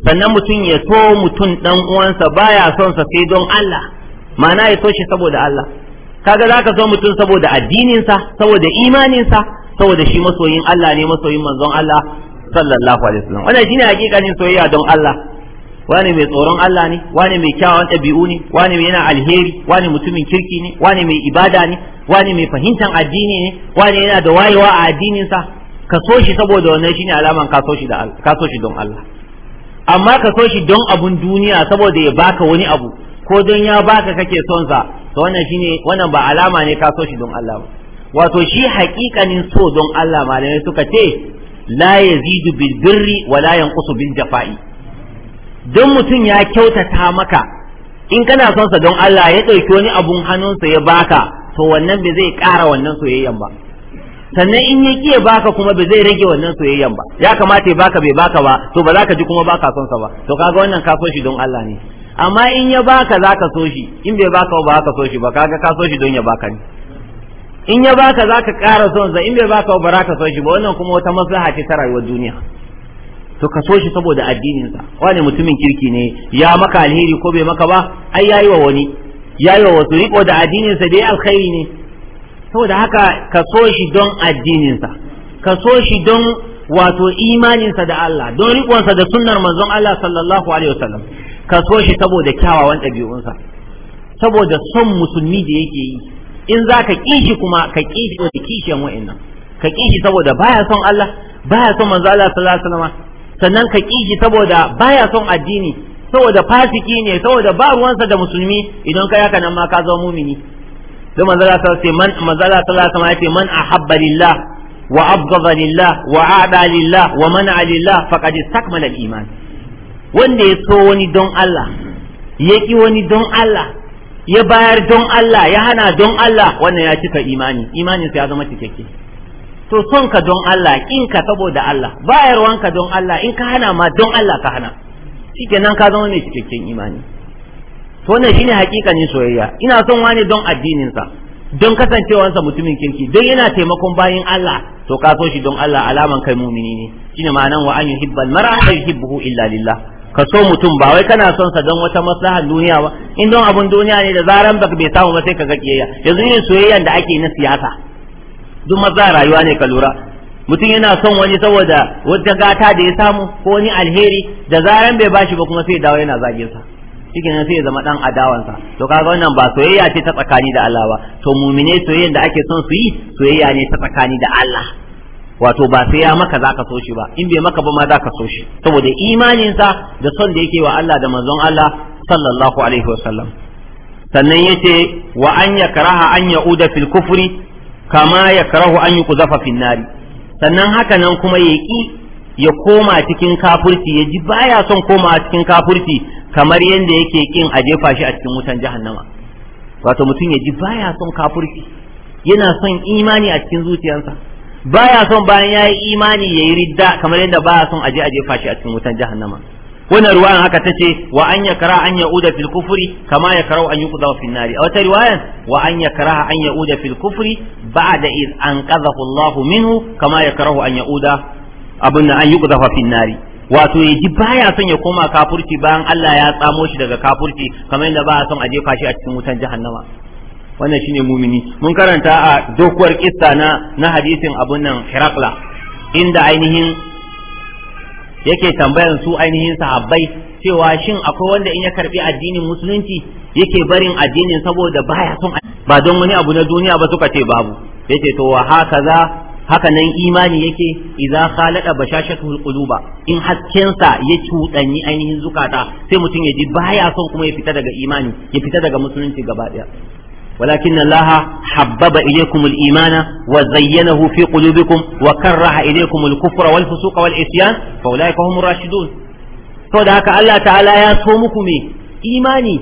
Speaker 1: sannan mutum ya so mutum dan uwansa baya son sa sai don Allah ma'ana ya so shi saboda Allah kaga zaka so mutum saboda addinin sa saboda imanin sa saboda shi masoyin Allah ne masoyin manzon Allah sallallahu alaihi wasallam wannan shine hakikanin soyayya don Allah wane mai tsoron Allah ne wane mai kyawawan ɗabi'u ne wane mai yana alheri wane mutumin kirki ne wane mai ibada ne wane mai fahimtar addini ne wane yana da wayewa a addininsa ka so shi saboda wannan shine alaman ka so shi da ka so shi don Allah amma ka so shi don abun duniya saboda ya baka wani abu ko don ya baka kake son sa to wannan shine wannan ba alama ne ka so shi don Allah ba wato shi haƙiƙanin so don Allah malamai suka ce la yazidu bil birri wa la yanqusu bil jafa'i don mutum ya kyautata maka in kana son sa don Allah ya ɗauki wani abun hannunsa ya baka to wannan bai zai ƙara wannan soyayyan ba sannan in ya kiye baka kuma bai zai rage wannan soyayyan ba ya kamata ya baka bai baka ba to ba za ka ji kuma baka son sa ba to kaga wannan ka so shi don Allah ne amma in ya baka za ka so shi in bai baka ba ka so shi ba kaga ka so shi don ya baka ne in ya baka za ka ƙara son sa in bai baka ba za ka so shi ba wannan kuma wata maslaha ce ta rayuwar duniya to ka so shi saboda addininsa wani mutumin kirki ne ya maka alheri ko bai maka ba ai yayi wa wani yayi wa wasu riko da addininsa dai alkhairi ne saboda haka ka so shi don addininsa ka so shi don wato imaninsa da Allah don riƙonsa da sunnar manzon Allah sallallahu alaihi wasallam ka so shi saboda kyawawan ɗabi'unsa saboda son musulmi da yake yi in za ka kishi kuma ka kishi da kishiyan wa'annan ka kishi saboda baya son Allah baya son manzo Allah sallallahu alaihi wasallam sannan ka kiji saboda baya son addini saboda fasiki ne saboda ba ruwansa da musulmi idan ka yaka nan ma ka zama mumini don manzala ta ce man manzala ta la sama yace man ahabba lillah wa abghadha lillah wa aada lillah wa man'a lillah faqad istakmala al-iman wanda ya so wani don Allah ya ki wani don Allah ya bayar don Allah ya hana don Allah wannan ya cika imani imanin sa ya zama cikakke to son ka don Allah in ka saboda Allah ka don Allah in ka hana ma don Allah ka hana shikenan ka zama mai cikakken imani to wannan shine hakikanin soyayya ina son wani don addinin sa don kasancewansa mutumin kirki don yana taimakon bayin Allah to ka so shi don Allah alaman kai mumini ne shine ma'anan wa an yuhibbal mar'a ay yuhibbuhu illa lillah ka so mutum ba wai kana son sa don wata maslahar duniya ba in don abun duniya ne da zaran ka bai samu ba sai ka ga kiyayya yanzu ne soyayyan da ake na siyasa duk maza rayuwa ne ka lura mutum yana son wani saboda wata gata da ya samu ko wani alheri da zaran bai bashi ba kuma sai dawo yana zage sa cikin sai ya zama dan adawansa to kaga wannan ba soyayya ce ta tsakani da Allah ba to mumine soyayyan da ake son su yi soyayya ne ta tsakani da Allah wato ba sai ya maka zaka so shi ba in bai maka ba ma zaka so shi saboda imaninsa da son da yake wa Allah da manzon Allah sallallahu alaihi wasallam sannan yace wa an yakraha an yauda fil kufri kama ya karahu an yi kuzafa finnari sannan haka nan kuma ya ƙi ya koma cikin kafurci ya ji baya son koma cikin kafurci kamar yadda yake ƙin a jefa shi a cikin wutan jahannama wato mutum ya ji baya son kafurci yana son imani a cikin zuciyarsa baya son bayan ya yi imani ya yi ridda kamar yadda baya son a je a jefa shi a cikin wutan jahannama wannan riwayan haka tace wa an yakra an yauda fil kufri kama ya yakra an yuqda fil nari a wata riwayan wa an yakra an yauda fil kufri ba'da id anqadhahu Allah minhu kama yakra an yauda abun an yuqda fil nari wato yaji baya son ya koma kafurci bayan Allah ya tsamo shi daga kafurci kamar yadda ba a son a jefa shi a cikin wutan jahannama wannan shine mumini mun karanta a dokuwar kissa na na hadisin abun nan Hirakla inda ainihin yake tambayan su ainihin sahabbai cewa shin akwai wanda in ya karbi addinin musulunci yake barin addinin saboda baya son ba don wani abu na duniya ba suka ce babu yace to wa haka za haka nan imani yake idza khalaqa bashashatul quluba in hasken sa ya cudanyi ainihin zukata sai mutum ya ji baya son kuma ya fita daga imani ya fita daga musulunci gaba daya ولكن الله حبب إليكم الإيمان وزينه في قلوبكم وكره إليكم الكفر والفسوق والعصيان فأولئك هم الراشدون فذاك الله تعالى يا صومكم إيماني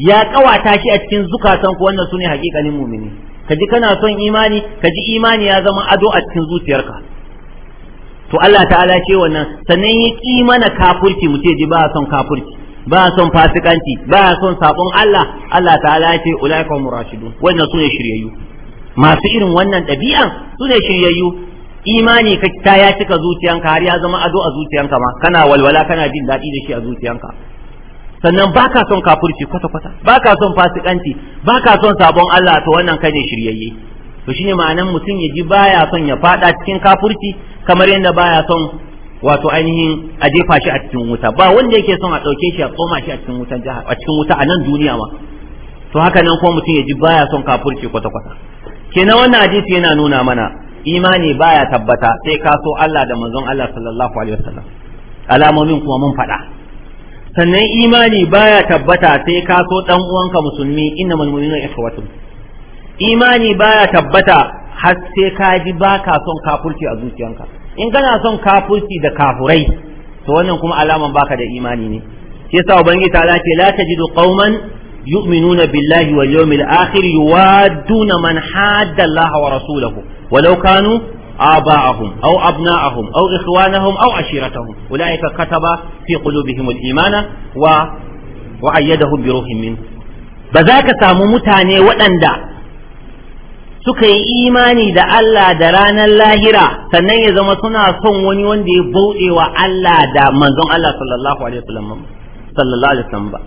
Speaker 1: يا ƙawata شي a cikin zukatanku wannan sune haƙiƙanin mumini kaji kana son imani kaji imani ya zama ado a cikin zuciyarka to Allah ta'ala ce wannan sannan ya ƙi mana kafurki, mu ce ba son kafurki. ba son fasikanci ba son sabon Allah Allah ta'ala ya ce ulaika hum rashidun wannan sune shiryayyu masu irin wannan su sune shiryayyu imani ka ta ya cika zuciyanka har ya zama ado a zuciyanka ma kana walwala kana jin daɗi da shi a zuciyanka sannan baka son kafurci kwata kwata baka son fasikanci baka son sabon Allah to wannan kai ne shiryayye to shine ma'anan mutum ya ji baya son ya fada cikin kafurci kamar yadda baya son wato ainihin a jefa shi a cikin wuta ba wanda yake son a ɗauke shi a tsoma shi a cikin wuta a cikin wuta a nan duniya ma to haka nan kuma mutum ya ji baya son kafurci kwata kwata kenan wannan hadisi yana nuna mana imani baya tabbata sai ka so Allah da manzon Allah sallallahu alaihi wasallam alamomin kuma mun faɗa sannan imani baya tabbata sai ka so dan uwanka musulmi inna mu'minuna ikhwatun imani baya tabbata har sai ka ji baka son kafurci a zuciyanka in kana son kafirci da kafurai to wannan kuma alaman baka da imani ne shi yasa ubangiji ta ce la tajidu qauman yu'minuna billahi wal yawmil akhir yuwadduna man hadda Allah wa rasulahu walau kanu Au aw abna'ahum aw ikhwanahum aw ashiratahum ulaika kataba fi qulubihim al imana wa wa ayyadahum bi ruhin ba za ka samu mutane waɗanda suka yi imani da Allah da ranar lahira sannan ya zama suna son wani wanda ya bauɗe wa Allah da manzon Allah sallallahu alaihi wasallam sallallahu alaihi wasallam ba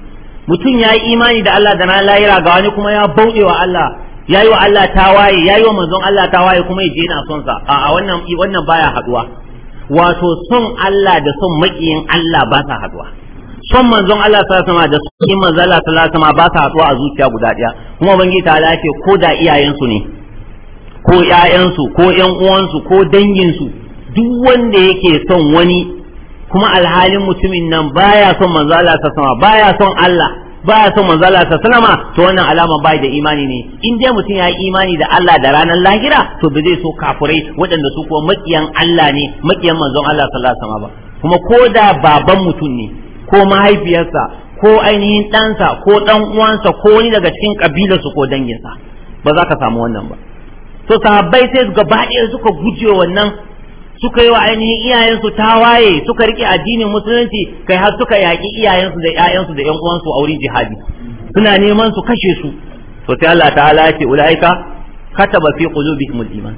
Speaker 1: mutum ya yi imani da Allah da ranar lahira ga wani kuma ya bauɗe wa Allah ya yi wa Allah tawaye ya yi wa manzon Allah tawaye kuma ya je na son sa a wannan wannan baya haduwa wato son Allah da son makiyin Allah ba sa haduwa son manzon Allah sallallahu alaihi wasallam da son manzon Allah sallallahu alaihi wasallam ba sa haduwa a zuciya guda daya kuma ubangiji ta ce ko da iyayen su ne ko ‘ya'yansu ko ‘yan uwansu ko danginsu duk wanda yake son wani kuma alhalin mutumin nan baya son manzo Allah ta sama baya son Allah baya son manzo ta sama to wannan alama bai da imani ne in dai mutum ya yi imani da Allah da ranar lahira to ba zai so kafurai waɗanda su kuwa makiyan Allah ne makiyan manzon Allah sallallahu alaihi wasallam ba kuma ko da baban mutum ne ko mahaifiyarsa ko ainihin ɗansa ko ɗan uwansa ko wani daga cikin kabilarsu ko danginsa ba za ka samu wannan ba so sahabbai sai su gaba ɗaya suka guje wannan suka yi wa ainihin iyayensu tawaye suka rike addinin musulunci kai har suka yaƙi iyayensu da ƴaƴansu da ƴan uwansu a wurin jihadi suna neman su kashe su to sai Allah ta'ala ya ce ulaika kataba fi qulubihimul iman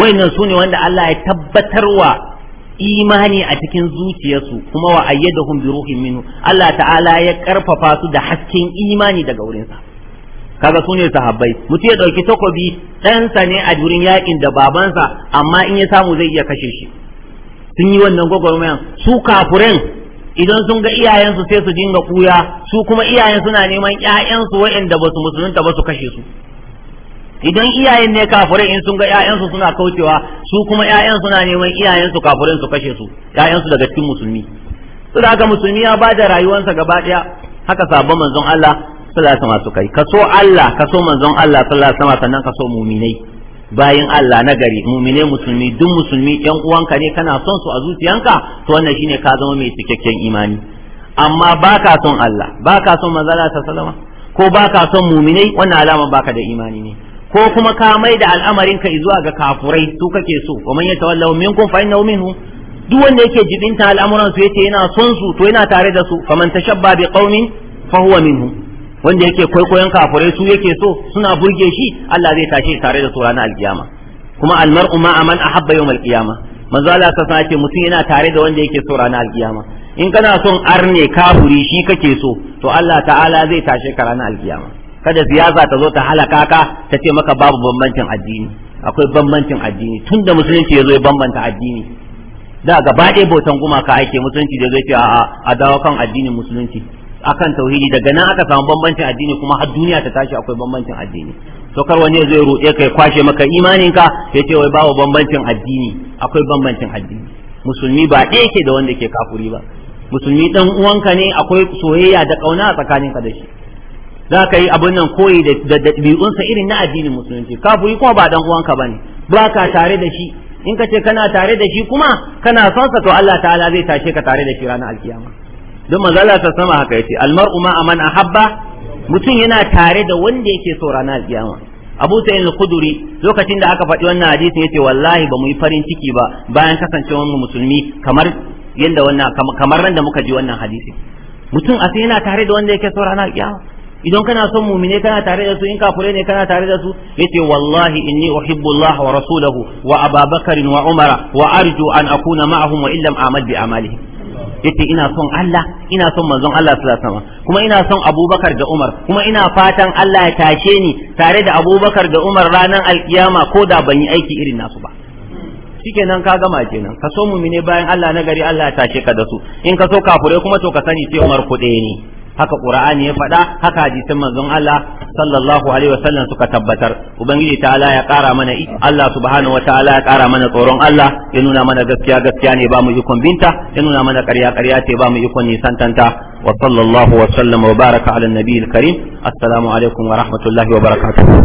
Speaker 1: wayannan sune wanda Allah ya tabbatar wa imani a cikin zuciyarsu kuma wa ayyadahum bi ruhin minhu Allah ta'ala ya karfafa su da hasken imani daga wurinsa kaga su ne sahabbai mutum ya ɗauki takobi ɗansa ne a jirin yakin da babansa amma in ya samu zai iya kashe shi sun yi wannan gwagwarmayan su kafuren idan sun ga iyayensu sai su dinga kuya su kuma iyayen suna neman ƴaƴansu waɗanda ba su musulunta ba su kashe su idan iyayen ne kafurai in sun ga ƴaƴansu suna kaucewa su kuma ƴaƴan suna neman iyayensu kafurai su kashe su ƴaƴansu daga cikin musulmi saboda haka musulmi ya ba da rayuwarsa gaba ɗaya haka sabon manzon Allah sallallahu alaihi wasallam suka yi kaso Allah kaso manzon Allah sallallahu alaihi wasallam sannan so mu'minai bayin Allah na gari mu'minai musulmi duk musulmi yan uwanka ne kana son su a zuciyanka to wannan shine ka zama mai cikakken imani amma baka son Allah baka son manzon Allah sallallahu alaihi wasallam ko baka son mu'minai wannan alama baka da imani ne ko kuma ka mai da al'amarin ka zuwa ga kafurai su kake so wa man yatawallahu minkum fa innahu minhu duk wanda yake jibinta al'amuran su yace yana son su to yana tare da su faman tashabba bi qaumin fa huwa minhum wanda yake kwaikwayon kafirai su yake so suna burge shi Allah zai tashi tare da su ranar alkiyama kuma almar'u ma aman ahabba yawmal qiyama manzo Allah sa ce mutum yana tare da wanda yake so ranar alkiyama in kana son arne kafuri shi kake so to Allah ta'ala zai tashi ka ranar alkiyama kada siyasa ta zo ta halaka ka ta ce maka babu bambancin addini akwai bambancin addini tunda musulunci ya zo ya bambanta addini da gaba ɗaya bautan gumaka ake musulunci da zai ce a a dawo kan addinin musulunci akan tauhidi daga nan aka samu bambancin addini kuma har duniya ta tashi akwai bambancin addini to kar wani zai ruɗe kai kwashe maka imanin ka ya ce wai babu bambancin addini akwai bambancin addini musulmi ba ɗaya yake da wanda ke kafuri ba musulmi dan uwanka ne akwai soyayya da kauna a tsakaninka da shi za ka yi abin nan koyi da ɗabi'unsa irin na addinin musulunci kafuri kuma ba dan uwanka ba ne ba ka tare da shi in ka ce kana tare da shi kuma kana son to Allah ta'ala zai tashe ka tare da shi ranar alkiyama don mazala ta sama haka yace almar'u ma aman ahabba mutum yana tare da wanda yake so ranar alkiyama Abu Sa'id al-Khudri lokacin da aka faɗi wannan hadisin yace wallahi ba mu yi farin ciki ba bayan kasancewar mu musulmi kamar yanda wannan kamar ran da muka ji wannan hadisi mutum a yana tare da wanda yake so ranar alkiyama idan kana son mumine kana tare da su in kafure ne kana tare da su yace wallahi inni uhibbu Allah wa rasulahu wa Abu Bakr wa Umar wa arju an akuna ma'ahum wa illam amal bi amalihim yace ina son Allah ina son manzon Allah sallallahu alaihi wasallam kuma ina son Abubakar da Umar kuma ina fatan Allah ya tashe ni tare da Abubakar da Umar ranar alkiyama ko da ban yi aiki irin nasu ba shikenan ka gama kenan ka so mu mumine bayan Allah na gari Allah ya tashe ka da su in ka so kafure kuma to ka sani sai Umar kuɗe ne haka qur'ani ya faɗa haka hadisin manzon Allah sallallahu alaihi wasallam suka tabbatar ubangiji ta'ala ya ƙara mana Allah subhanahu wataala ya ƙara mana tsoron Allah ya nuna mana gaskiya gaskiya ne ba mu ikon binta ya nuna mana ƙarya ƙarya ce ba mu ikon nisantanta wa sallallahu wa sallama wa baraka ala nabiyil karim assalamu alaikum wa rahmatullahi wa barakatuh